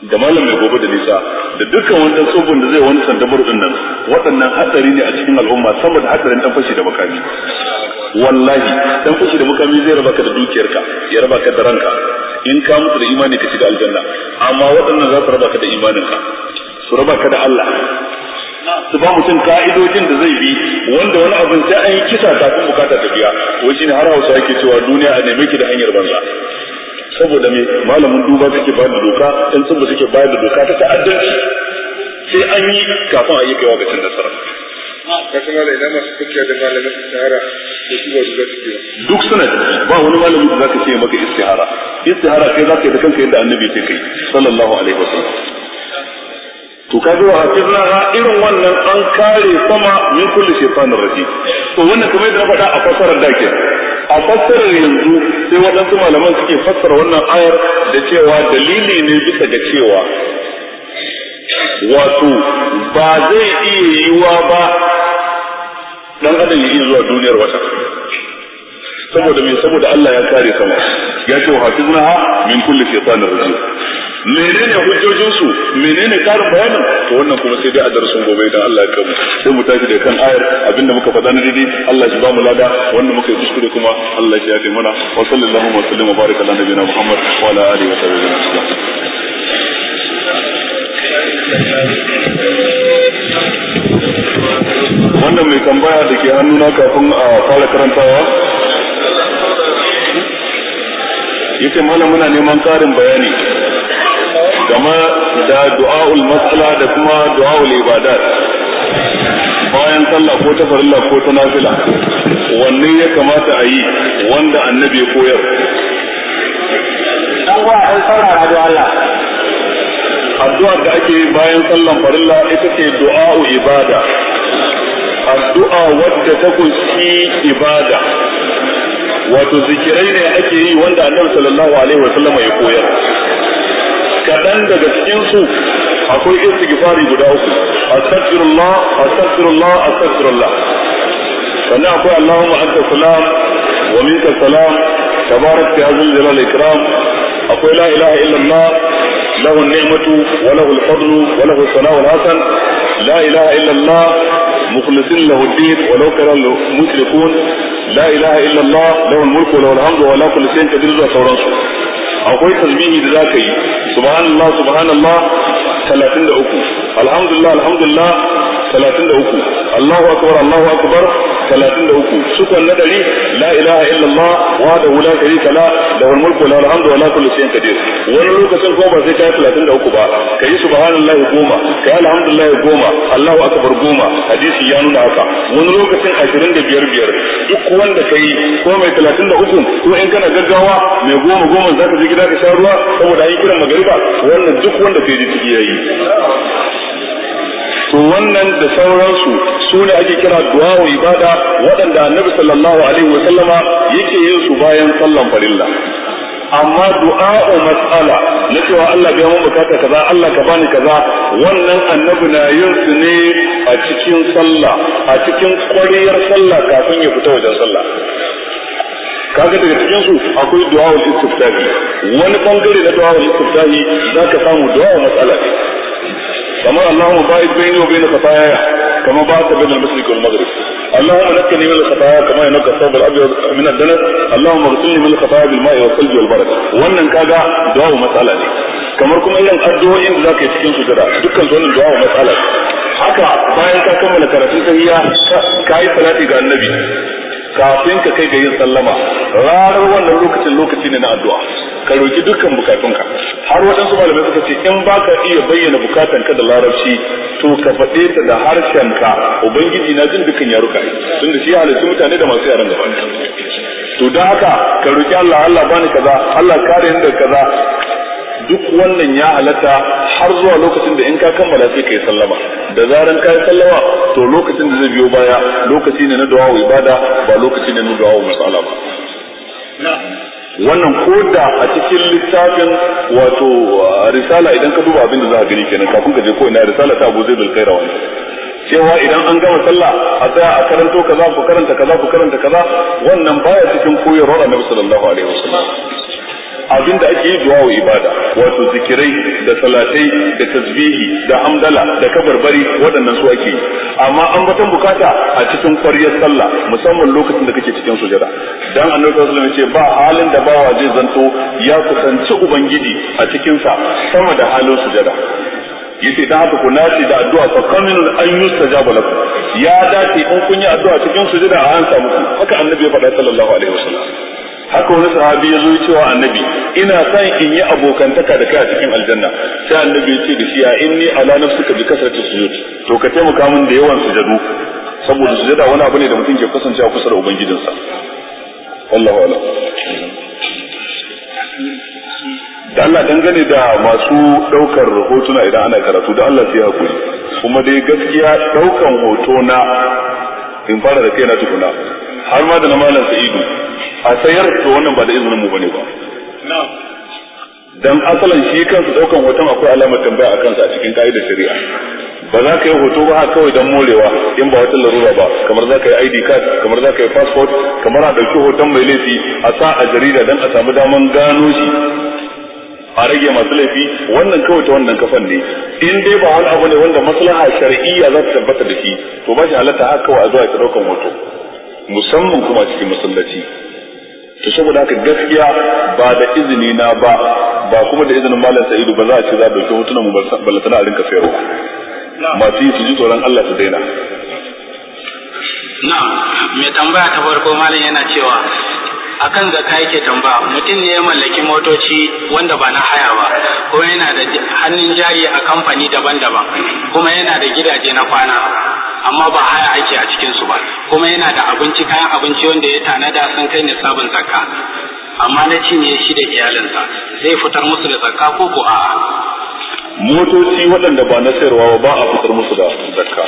da malam mai gobe da nisa da dukkan wani tsohon da zai wani sandamar din nan waɗannan hatsari ne a cikin al'umma saboda da hatsarin dan fashi da makami wallahi dan fashi da makami zai raba ka da dukiyarka ya raba ka da ranka in ka mutu da imani ka shiga aljanna amma waɗannan za su raba ka da imaninka su raba ka da Allah su ba mutum ka'idojin da zai bi wanda wani abin sai an yi kisa kafin bukata ta biya wai shine har Hausa yake cewa duniya a neme ki da hanyar banza saboda me malamin duba suke bayar da doka in sun suke bayar da doka ta ta'addanci sai an yi kafin a yi kaiwa ga cin nasara kasan wala idan masu kuciya da malamin istihara da su ba duba suke ba duk suna ba wani malamin da zaka ce maka istihara istihara kai zaka yi da kanka yadda annabi ya kai sallallahu alaihi wasallam to kaga wa hafizna ha irin wannan an kare sama min kulli shaytanir rajim to wannan kamar yadda na faɗa a fasarar dakin. a fassarar yanzu sai waɗansu malaman suke fassara wannan ayar da cewa dalili ne bisa ga cewa wato ba zai iya yiwa ba dan adam ya iya zuwa duniyar wata saboda me saboda Allah ya kare sama ya ce wa hafizna min kulli shaytanir rajim menene hujjojin su menene karin bayanin to wannan kuma sai dai a darasin gobe da Allah ya kamu sai mu tashi da kan ayar abinda muka faɗa na daidai Allah ya ba mu lada wannan muka yi kuskure kuma Allah ya yafe mana wa sallallahu wa sallam wa baraka ala nabiyina Muhammad wa ala alihi wa sahbihi wannan mai tambaya da ke hannuna kafin a fara karantawa yace malam muna neman karin bayani kama da du'a'ul mas'ala da kuma du'a'ul ibadat bayan sallah ko ta farilla ko ta nafila wanne ya kamata a yi wanda annabi koyar dan wa an saurara da Allah addu'a da ake bayan sallan farilla ita ce du'a'u ibada addu'a wadda ta kunshi ibada wato zikirai ne ake yi wanda annabi sallallahu alaihi wa ya koyar kaɗan daga cikinsu akwai istighfari guda uku astaghfirullah astaghfirullah astaghfirullah sannan akwai allahumma anta salam wa minka salam tabarak ya zul jalal ikram akwai la ilaha illallah له النعمة وله الفضل وله الثناء الحسن لا إله إلا الله مخلصين له الدين ولو كان المشركون لا إله إلا الله له الملك وله الحمد ولا كل شيء تدل على akwai tasbihi da zaka yi subhanallah subhanallah 33 alhamdulillah alhamdulillah talatin da uku Allahu akbar Allahu akbar talatin da uku sukan na ɗari la ilaha illallah wa da wula sharika la da wal mulku la alhamdu wa la kullu shay'in qadir wani lokacin ko ba sai ka talatin da uku ba ka kai subhanallahi goma ka yi alhamdulillahi goma Allahu akbar goma hadisi ya nuna haka wani lokacin ashirin da biyar biyar duk wanda ka yi ko mai talatin da uku ko in kana gaggawa mai goma goma za ka je gida ka sha ruwa saboda an yi kiran magariba wannan duk wanda kai ji ciki ya yi. to wannan da sauransu su ne ake kira du'a wa ibada waɗanda annabi sallallahu alaihi wa sallama yake yin su bayan sallan farilla amma du'a wa mas'ala na cewa Allah biya mun bukata kaza Allah ka bani kaza wannan annabi na yin su ne a cikin sallah a cikin sallah kafin ya fita wajen sallah kaga daga cikin su akwai du'a wa istiftahi wani bangare na du'a wa istiftahi zaka samu du'a wa mas'ala كما اللهم باعد بيني وبين خطايا كما باعدت بين المشرك والمغرب اللهم نكني من الخطايا كما ينكى الثوب الابيض من الدنس اللهم اغسلني من الخطايا بالماء والثلج والبرد وان كاجا دعاء مساله لي كما كما ان ادعو ان ذاك يسكن سجرا دكان زون دعاء مساله حكا باين كمل ثلاثين هي كاي ثلاثي النبي kafin ka kai ga yin sallama ranar wannan lokacin lokaci ne na addu'a ka roki dukkan bukatunka har waɗansu malamai suka ce in ba ka iya bayyana bukatanka da larabci to ka faɗe ta da harshenka ubangiji na jin dukkan yaruka tun da shi halittu mutane da masu yaran gaba to don haka ka roki Allah Allah bani kaza Allah kare ni daga kaza duk wannan ya halatta har zuwa lokacin da in ka kammala sai ka yi sallama da zaran ka yi sallama to lokacin da zai biyo baya lokaci ne na wa ibada ba lokaci ne na wa masala ba wannan ko da a cikin littafin wato risala idan ka duba abin da za ka gani kenan kafin ka je ko ina risala ta Abu Zaid al-Qayrawani cewa idan an gama sallah a tsaya a karanto kaza ku karanta kaza ku karanta kaza wannan baya cikin koyarwar Annabi sallallahu alaihi wasallam abinda ake yi wa ibada wato zikirai da salatai da tasbihi da hamdala da kabarbari waɗannan su ake yi amma an bata bukata a cikin kwaryar sallah musamman lokacin da kake cikin sujada dan annabi sallallahu alaihi wasallam ce ba halin da bawa zai zanto ya kusanci ubangiji a cikin sa sama da halin sujada yace dan haka ku nace da addu'a fa kamil an yustajabu lakum ya dace in kun yi addu'a cikin sujada a an samu haka annabi ya faɗa sallallahu alaihi wasallam haka wani sahabi ya zo cewa annabi ina son in yi abokantaka da kai a cikin aljanna sai annabi ya ce da shi ya inni ala nafsika bi su sujud to ka taimaka min da yawan sujadu saboda sujada wani abu ne da mutum ke kasancewa kusa da ubangijinsa wallahu ala da Allah dangane da masu daukar hotuna idan ana karatu da Allah sai hakuri kuma dai gaskiya ɗaukan hotona na in fara da kaina tukuna har ma da na malam sa'idu a sayar to wannan ba da izinin mu bane ba dan asalan shi kansa daukan hoton akwai alamar tambaya a kansa a cikin ka'idar shari'a ba za ka yi hoto ba kawai dan morewa in ba wata larura ba kamar za ka yi ID card kamar za ka yi passport kamar a ɗauki hoton mai laifi a sa a jarida dan a samu daman gano shi a rage masu laifi wannan kawai ta wannan kafan ne in dai ba wani abu ne wanda maslaha shar'iyya za ta tabbata da shi to ba shi halatta haka kawai a zuwa ta daukan hoto musamman kuma cikin masallaci to saboda haka gaskiya ba da izini na ba ba kuma da izinin malam sa'idu ba za a ce za a dauki hotunan mu ballatana a rinka sayarwa masu yi su ji tsoron Allah su daina na'am mai tambaya ta farko malam yana cewa akan ga ka yake tamba mutum ne ya mallaki motoci wanda ba na haya ba kuma yana da hannun jari a kamfani daban-daban kuma yana da gidaje na kwana amma ba haya ake a cikin su ba kuma yana da abinci kayan abinci wanda ya tanada sun kai sabon zakka amma na cinye shi da iyalinsa zai fitar musu da zakka ko ko a motoci waɗanda ba na sayarwa ba a fitar musu da zakka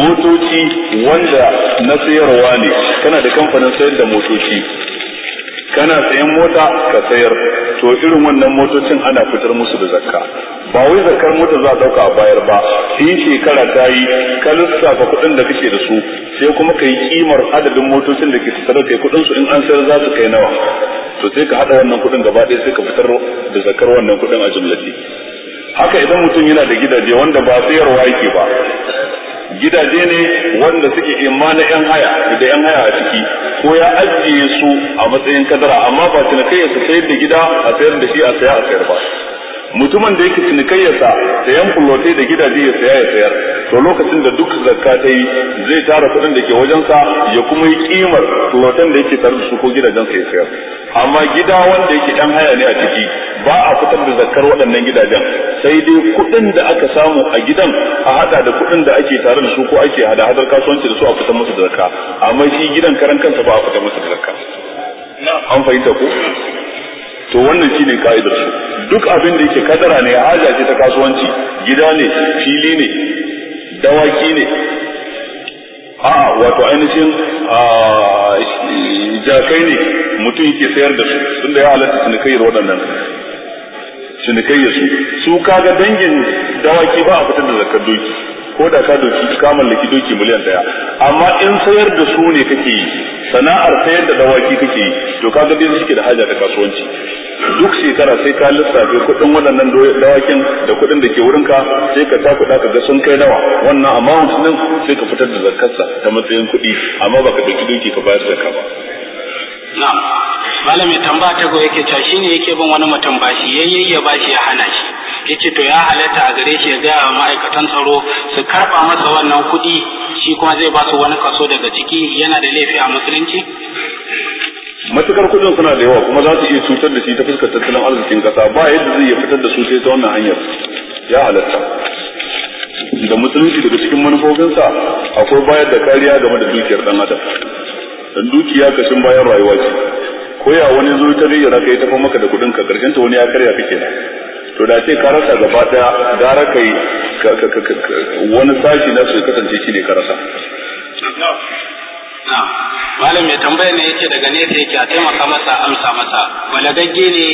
motoci wanda na sayarwa ne kana da kamfanin sayar da motoci kana sayan mota ka sayar to irin wannan motocin ana fitar musu da zakka ba wai zakkar mota za a dauka a bayar ba in shekara ta yi ka lissafa kuɗin da kake da su sai kuma ka yi kimar adadin motocin da ke tattare kai kuɗin su in an sayar za su kai nawa to sai ka haɗa wannan kuɗin gaba ɗaya sai ka fitar da zakkar wannan kuɗin a jumlati haka idan mutum yana da gidaje wanda ba sayarwa yake ba gidaje ne wanda suke imanin yan haya da yan haya a ciki ko ya ajiye su a matsayin kadara amma ba tuna kai su sayar da gida a sayar da shi a saya a sayar ba mutumin da yake cinikayyarsa da yan fulote da gidaje ya saya ya sayar to lokacin da duk zakka ta yi zai tara kuɗin da ke wajensa ya kuma yi kimar fulotan da yake tare da su ko gidajensa ya sayar amma gida wanda yake ɗan haya ne a ciki ba a fitar da zakkar waɗannan gidajen sai dai kuɗin da aka samu a gidan a haɗa da kuɗin da ake tare da su ko ake hada-hadar kasuwanci da su a fitar musu da zakka amma shi gidan karan kansa ba a fitar musu da zakka an fahimta ko to wannan shine ka'idar su duk abin da yake kadara ne haja ce ta kasuwanci gida ne fili ne dawaki ne a'a wato ainihin jakai ne mutum yake sayar da su tunda ya halatta cinikayyar waɗannan cinikayyar su su kaga dangin dawaki ba a fitar da zakar doki ko da ka doki ka mallaki doki miliyan daya amma in sayar da su ne kake yi sana'ar sayar da dawaki kake yi to kaga dai suke da haja da kasuwanci duk shekara sai ka lissafe kuɗin waɗannan dawakin da kuɗin da ke wurinka sai ka takuɗa ka ga sun kai nawa wannan amount din sai ka fitar da zakarsa ta matsayin kuɗi amma baka ɗauki duki ka bayar zakka ba na'am malam tambaya ta yake cewa shine yake bin wani mutum bashi yi ya bashi ya hana shi yace to ya halatta a gare shi ya ga ma'aikatan tsaro su karba masa wannan kuɗi shi kuma zai ba su wani kaso daga ciki yana da laifi a musulunci matukar kudin suna da yawa kuma za su iya cutar da shi ta fuskar tattalin arzikin kasa ba yadda zai iya fitar da su sai ta wannan hanyar ya halatta da musulunci daga cikin manufofinsa akwai bayar da kariya game da dukiyar dan adam dan dukiya kashin bayan rayuwa ce Ko ya wani zo ta kai tafi maka da kudin ka karshen ta wani ya karya kake to da ce ka rasa gaba daya gara kai wani sashi na su kasance shi ne ka rasa malam mai tambaya ne yake daga nesa yake a taimaka masa amsa masa balagagge ne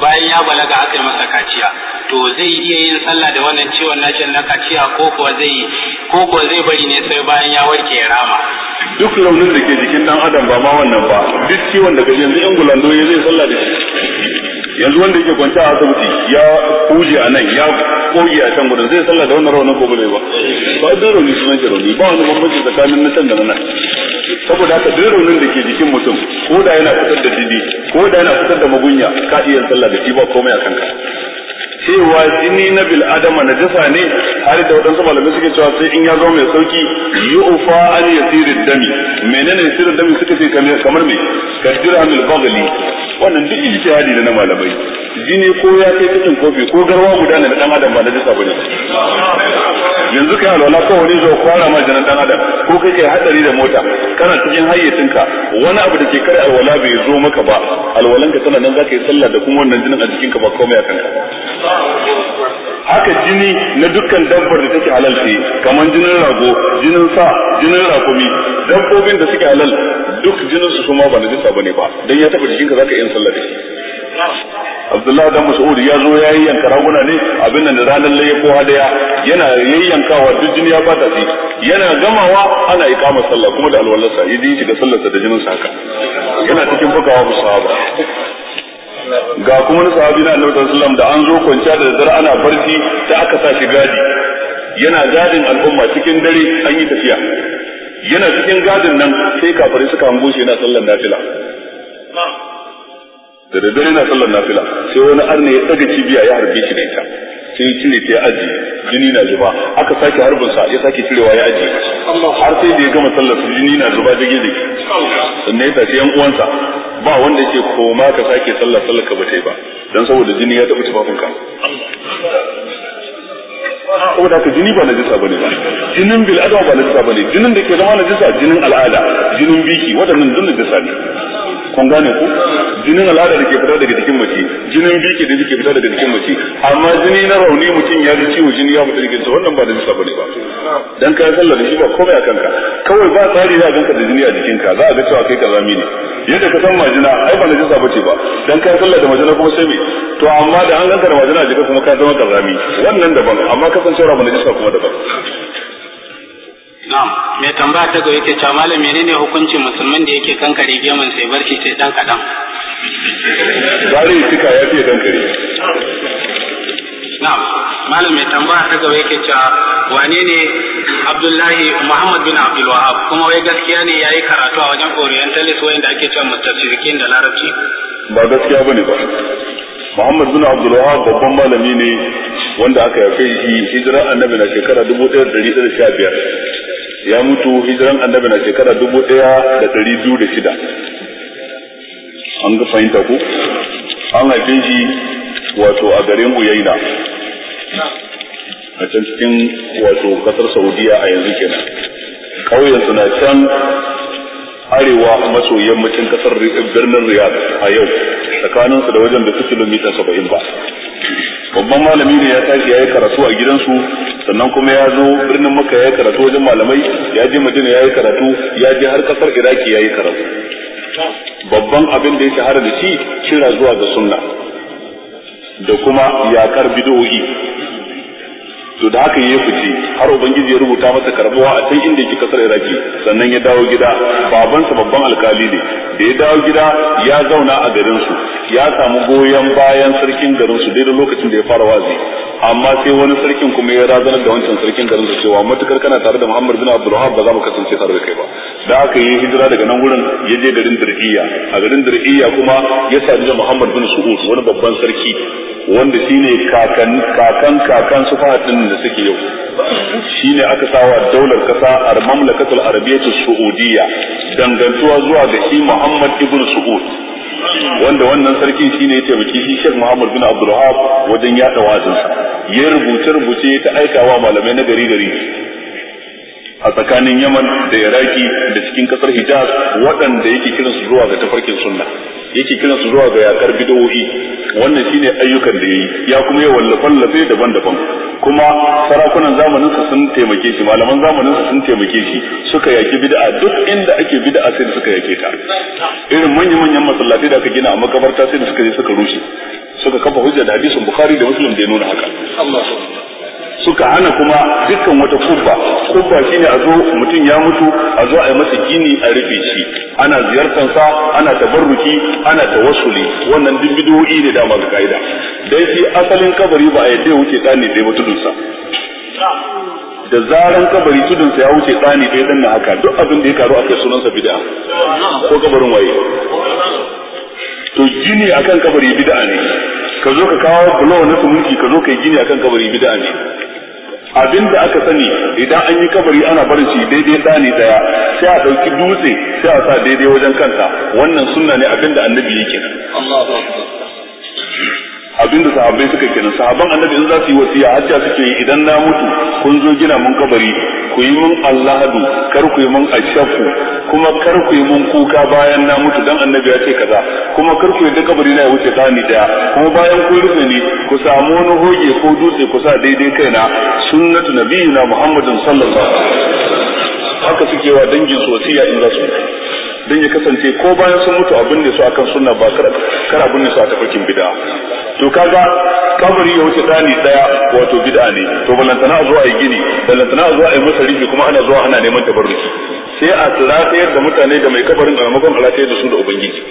bayan ya balaga aka yi masa kaciya to zai iya yin sallah da wannan ciwon nashi na kaciya ko kuwa zai ko kuwa zai bari ne sai bayan ya warke ya rama duk raunin da ke jikin dan adam ba ma wannan ba duk ciwon da gajen zai yan gulandoyi zai sallah da shi yanzu wanda yake kwanta a asibiti ya huje a nan ya koge a can gudun zai sallah da wannan raunin gobe ba ba da rauni sunan ke rauni ba wani mamaki tsakanin na can da na nan saboda haka duk raunin da ke jikin mutum ko da yana fitar da didi ko da yana fitar da magunya ka iya sallah da shi ba komai a kanka cewa jini na bil adama jasa ne har da wadansu malamai suke cewa sai in ya zo mai sauki yu'fa an yasiru dami menene yasiru dami suka ce kamar me kadira mil bagli wannan duk ijtihadi da na malamai jini ko ya kai cikin kofi ko garwa guda ne na dan adam ba najasa bane yanzu kai alwala ko wani zo kwara ma jinan dan adam ko kai kai hadari da mota kana cikin hayyacinka wani abu da ke kare alwala bai zo maka ba alwalanka tana nan zaka yi sallah da kuma wannan jinin a cikin ka ba komai a kanka haka jini na dukkan dabbar da take halal ce kamar jinin rago jinin sa jinin rakumi dabbobin da suke halal duk jinin su kuma ba najisa bane ba dan ya taba jikinka zaka yin sallah da shi Abdullahi dan Mas'ud ya zo yayi yanka raguna ne abin nan da ranar laye ko hadaya yana yayyankawa duk jini ya bata shi yana gamawa ana ikamar sallah kuma da alwalarsa yaji shi da sallarsa da jinin sa haka yana cikin bugawa musaba ga kuma na sahabi na annabi sallallahu alaihi wasallam da an zo kwanciya da dare ana barci da aka sa shi gadi yana gadin al'umma cikin dare an yi tafiya yana cikin gadin nan sai kafare suka hango shi yana sallar nafila da daddare na sallar nafila sai wani arna ya daga cibiya ya harbe shi da ita sai cire ta aji jini na zuba aka sake harbin sa ya sake cirewa ya aji har sai da ya gama sallar jini na zuba da gidi sannan ya tafi yan uwansa ba wanda yake koma ka sake sallar sallar ka bata yi ba don saboda jini ya tafi tufafinka saboda haka jini ba najisa bane ba jinin bil adama ba najisa bane jinin da ke zama najisa jinin al'ada jinin biki waɗannan duk najisa ne kun gane ku jinin al'ada da ke fita daga jikin mace jinin biki da ke fita daga jikin mace amma jini na rauni mutum ya ji ciwo jini ya fita jikin sa wannan ba da nisa bane ba dan ka kalla da shi ba komai a kanka kawai ba tsari za a ganka da jini a jikinka za a ga cewa kai zami ne yadda ka san majina ai ba najisa bace ba dan ka kalla da majina kuma sai me to amma da an ganka da majina a jika kuma ka zama kazami wannan daban amma kasancewa ba jinsa kuma daban Na'am, mai tambaya ta ga yake cewa malam menene hukuncin musulmin da yake kankare gemun sai barci sai dan kadan. Bari cika ya fiye dan kare. Na'am, malam mai tambaya ta ga yake cewa wane ne Abdullahi Muhammad bin Abdul Wahab kuma wai gaskiya ne yayi karatu a wajen Orientalist da ake cewa mutasirikin da Larabci. Ba gaskiya bane ba. Muhammad bin Abdul Wahab babban malami ne wanda aka yafe shi hijira annabi na shekara 1115 ya mutu hijiran annabi na shekara dubu ɗaya da ɗari biyu da shida an ga fahimta ku an haife shi wato a garin uyaina a can cikin wato kasar saudiya a yanzu kenan ƙauyensu na can arewa maso yammacin kasar birnin riyadh a yau tsakaninsu da wajen da su kilomita saba'in ba babban malami ne ya tashi ya yi karatu a gidansu sannan kuma ya zo birnin maka ya karatu wajen malamai ya je madina ya yi karatu ya je har kasar iraki ya yi karatu babban abin da ya shahara da shi kira zuwa ga sunna da kuma yakar bidowi to da haka yayi fice har ubangiji ya rubuta masa karbuwa a can inda yake kasar Iraki sannan ya dawo gida babansa babban alkali ne da ya dawo gida ya zauna a garinsu ya samu goyon bayan sarkin garinsu daidai lokacin da ya fara wazi amma sai wani sarkin kuma ya razanar da wancan sarkin garin su cewa matukar kana tare da Muhammad bin Abdul Wahab ba za mu kasance tare da kai ba da aka yi hijira daga nan wurin ya je garin Dirhiya a garin Dirhiya kuma ya sadu da Muhammad bin Su'ud wani babban sarki wanda shine kakan kakan kakan su fahatin da suke yau shine aka sawa daular kasa a mamlakatul arabiyyatu saudiyya dangantuwa zuwa ga shi Muhammad ibn Saud wanda wannan sarkin shine ya taimaki shi Sheikh Muhammad bin Abdul Wahab wajen yada wazin ya rubuce rubuce ta aikawa malamai na gari gari a tsakanin Yaman da Iraki da cikin kasar Hijaz waɗanda yake kiran su zuwa ga tafarkin sunna yake kiran su zuwa ga yakar bid'o'i wannan shine ayyukan da yayi ya kuma ya wallafan lafe daban-daban kuma sarakunan zamanin su sun taimake shi malaman zamanin su sun taimake shi suka yaki bid'a duk inda ake bid'a sai suka yake ta irin manya-manyan masallatai da aka gina a makabarta sai suka je suka rushe suka kafa hujja da hadisin Bukhari da Muslim da ya nuna haka suka hana kuma dukkan wata kubba kubba shine a zo mutum ya mutu a zo a yi masa gini a rufe shi ana ziyartansa ana tabarruki ana tawassuli wannan duk bid'o'i ne da masu kaida dai shi asalin kabari ba a yadda wuce tsani dai ba tudunsa da zaran kabari tudunsa ya wuce tsani dai dan na haka duk abin da ya karu a kai sunansa bid'a ko kabarin waye to gini akan kabari bid'a ne ka zo ka kawo bulo na sumunci ka zo ka yi gini akan kabari bid'a ne abin da aka sani idan an yi kabari ana barin shi daidai tsani daya sai a ɗauki dutse sai a sa daidai wajen kanta wannan sunna ne abin da annabi yake abinda sahabbai suka kenan sahabban annabi in za su yi wasiya hajja suke yi idan na mutu kun zo gina mun kabari ku yi mun allahadu kar ku yi mun ashafu kuma kar ku yi mun kuka bayan na mutu dan annabi ya ce kaza kuma kar ku yi da kabari na ya wuce ta ni daya kuma bayan ku rufe ni ku samu wani hoge ko dutse ku sa daidai kaina sunnatu nabiyina muhammadin sallallahu alaihi wasallam haka suke wa dangin su wasiya in za su dan ya kasance ko bayan sun mutu abin da su akan sunna ba kar abin da su a tafakin bid'a to kaga kabari ya wuce tsani daya wato bid'a ne to balantana zuwa yi gini balantana zuwa yi masarifi kuma ana zuwa ana neman tabarruki sai a ratayar da mutane da mai kabarin a maimakon a da su da ubangiji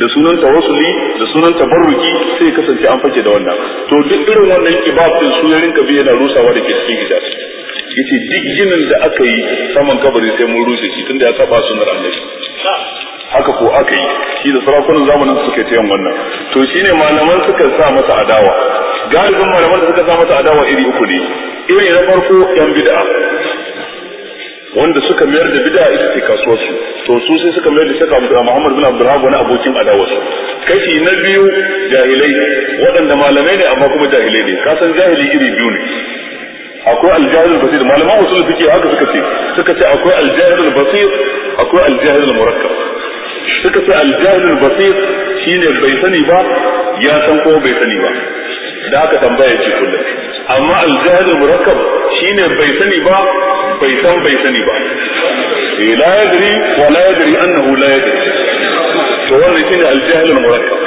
da sunan tawassuli da sunan tabarruki sai kasance an fake da wannan to duk irin wannan kibab din ya rinka kabi yana rusawa da ke cikin gida yace duk ginin da aka yi saman kabari sai mun rushe shi tunda ya saba sunan Allah haka ko aka yi shi da sarakunan zamanin suke ta yin wannan to shi ne malaman suka sa masa adawa galibin malaman da suka sa masa adawa iri uku ne iri na farko yan bid'a wanda suka mayar da bid'a ita ce kasuwarsu to su sai suka mayar da shaka Abdul Muhammad bin Abdul Wahab wani abokin adawar kashi na biyu jahilai waɗanda malamai ne amma kuma jahilai ne kasan jahili iri biyu ne akwai aljahil basir malaman usul fiqh haka suka ce suka ce akwai aljahil basir akwai aljahil murakkab suka ce aljahil basir shine bai sani ba ya san ko bai sani ba da aka tambaya ce kullum amma aljahil murakkab shine bai sani ba bai san bai sani ba eh, la yadri wa la yadri annahu la yadri to wannan shine aljahil murakkab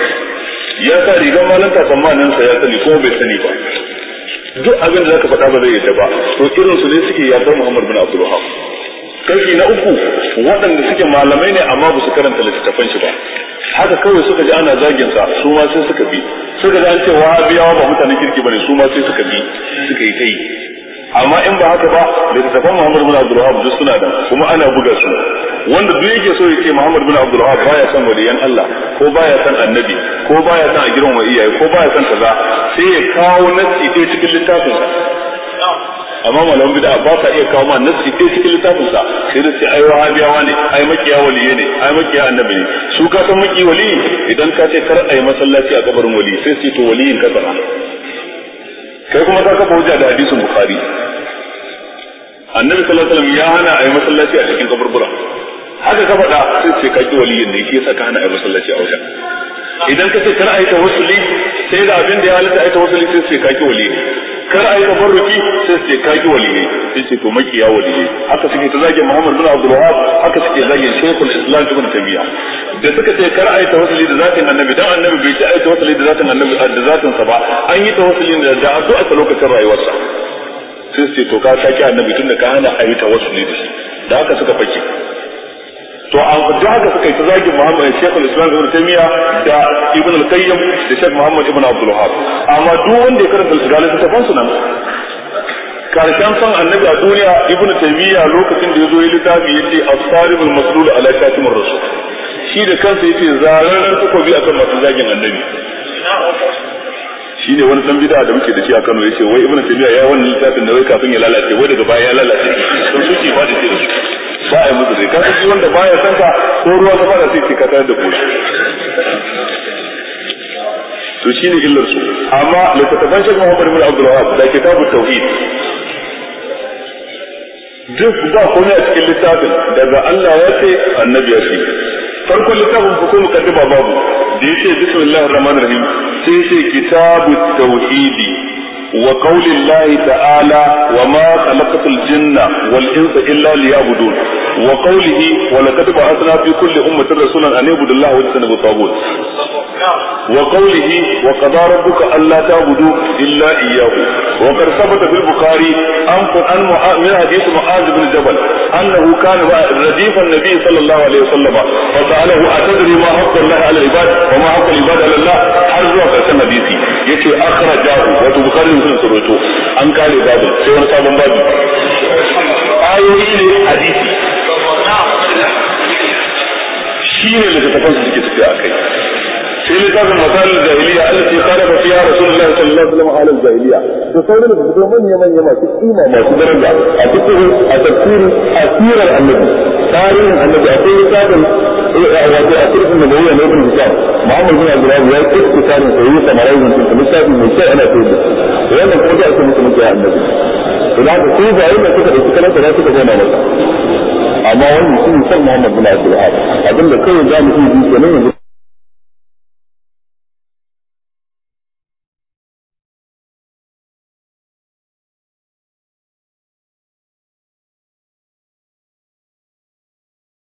ya sa rigar malanta tsammanin sa ya sani ko bai sani ba duk abin da zaka faɗa ba zai yadda ba to irin su ne suke yakar Muhammad bin Abdul kashi na uku waɗanda suke malamai ne amma ba su karanta littattafan shi ba haka kawai suka ji ana zagin sa su ma sai suka bi suka ji an ce biyawa ba mutanen kirki bane su ma sai suka bi suka yi ta yi amma in ba haka ba littattafan Muhammad bin Abdul Wahab duk suna da kuma ana buga su wanda duk yake so ya ce Muhammad bin Abdul Wahab baya son waliyan Allah ko baya son annabi ko baya son a wa iyaye ko baya san kaza sai ya kawo nasi dai cikin littafin amma malamin bid'a ba sa iya kawo ma nassi ɗaya cikin littafin sa sai da sai ai wahabiyawa ne ai makiya waliye ne ai makiya annabi ne su ka san maki wali idan ka ce kar ai masallaci a kabarin wali sai su to waliyin ka sana kai kuma ka kafa hujja da hadisin bukhari annabi sallallahu alaihi wasallam ya hana ai masallaci a cikin kaburbura haka ka faɗa sai sai ka ki waliyin ne shi yasa ka hana ai masallaci a wajen idan ka ce kar a yi ta wasuli sai da abin da ya halitta a yi ta wasuli sai sai kaki wali ne kar a yi ta tabarruki sai sai kaki wali ne sai sai to makiya wali ne haka suke ta zagin Muhammad bin Abdul haka suke zagin shekul Islam Ibn tabiya da suka ce kar a yi ta wasuli da zatin Annabi dan Annabi bai ce a yi wasuli da zatin Annabi da zatin sa ba an yi ta wasuli da addu'a a lokacin rayuwarsa sai sai to ka saki Annabi tunda ka hana a yi ta wasuli da shi da haka suka fake to an duk haka suka yi ta zagin Muhammad Sheikh Islam Ibn Taymiya da Ibn Al-Qayyim da Sheikh Muhammad Ibn Abdul Wahhab amma duk wanda ya karanta al-Ghazali ta fansu nan karshen son annabi a duniya Ibn Taymiya lokacin da ya zo ya littafi yace as-sarib al-maslul ala katimur rasul shi da kansa yace zaran takobi akan masu zagin annabi shi ne wani dan bid'a da muke da shi a Kano yace wai Ibn Taymiya ya wannan littafin da wai kafin ya lalace wai daga baya ya lalace to suke ba da shi ba a yi musu zai kaga shi wanda baya san ka ko ruwa ta fara sai ka tare da goshi to shi ne illar su amma littattafan shi Muhammad ibn Abdul Wahhab da kitabut tauhid duk ba komai a cikin littafin daga Allah ya ce annabi ya ce farkon littafin ko kuma kaddaba babu da yace bismillahir rahmanir rahim sai sai kitabut tauhidi وقول الله تعالى وما خلقت الجن والإنس إلا ليعبدون وقوله ولقد بعثنا في كل أمة رسولا أن يعبدوا الله واجتنبوا الطاغوت وقوله وقضى ربك ألا تعبدوا إلا إياه وقد ثبت في البخاري أن من حديث معاذ بن جبل أنه كان رديف النبي صلى الله عليه وسلم فسأله أتدري ما حق الله على العباد وما حق العباد على الله حرزوا كالسنة بيتي يتي اخرجه وتبخاري musulun su roto an kare babu sai wani sabon babu ayoyi ne hadisi shi ne littattafan su suke tafiya a kai في لتاب المسال الزهلية التي خالف فيها رسول الله صلى الله عليه وسلم على الزهلية تصوري لك بكثير من يمن يمن يمن تقيمة ما تدر الله أتكره أتكير أثيرا عن نبي صارين عن نبي أتكير كتابا أعواتي أتكره من نبي أن يبن الكتاب ما عمل هنا الجراب يا اكتسار سهية مرايز من تلك مستعد من مستعد أنا أتكره وأنا أتكره أتكره من تلك النبي فلعب السيدة أين أتكره أتكره أتكره أتكره أتكره أما هو المسلم محمد بن عبد الوهاب أظن كل جامعة في سنين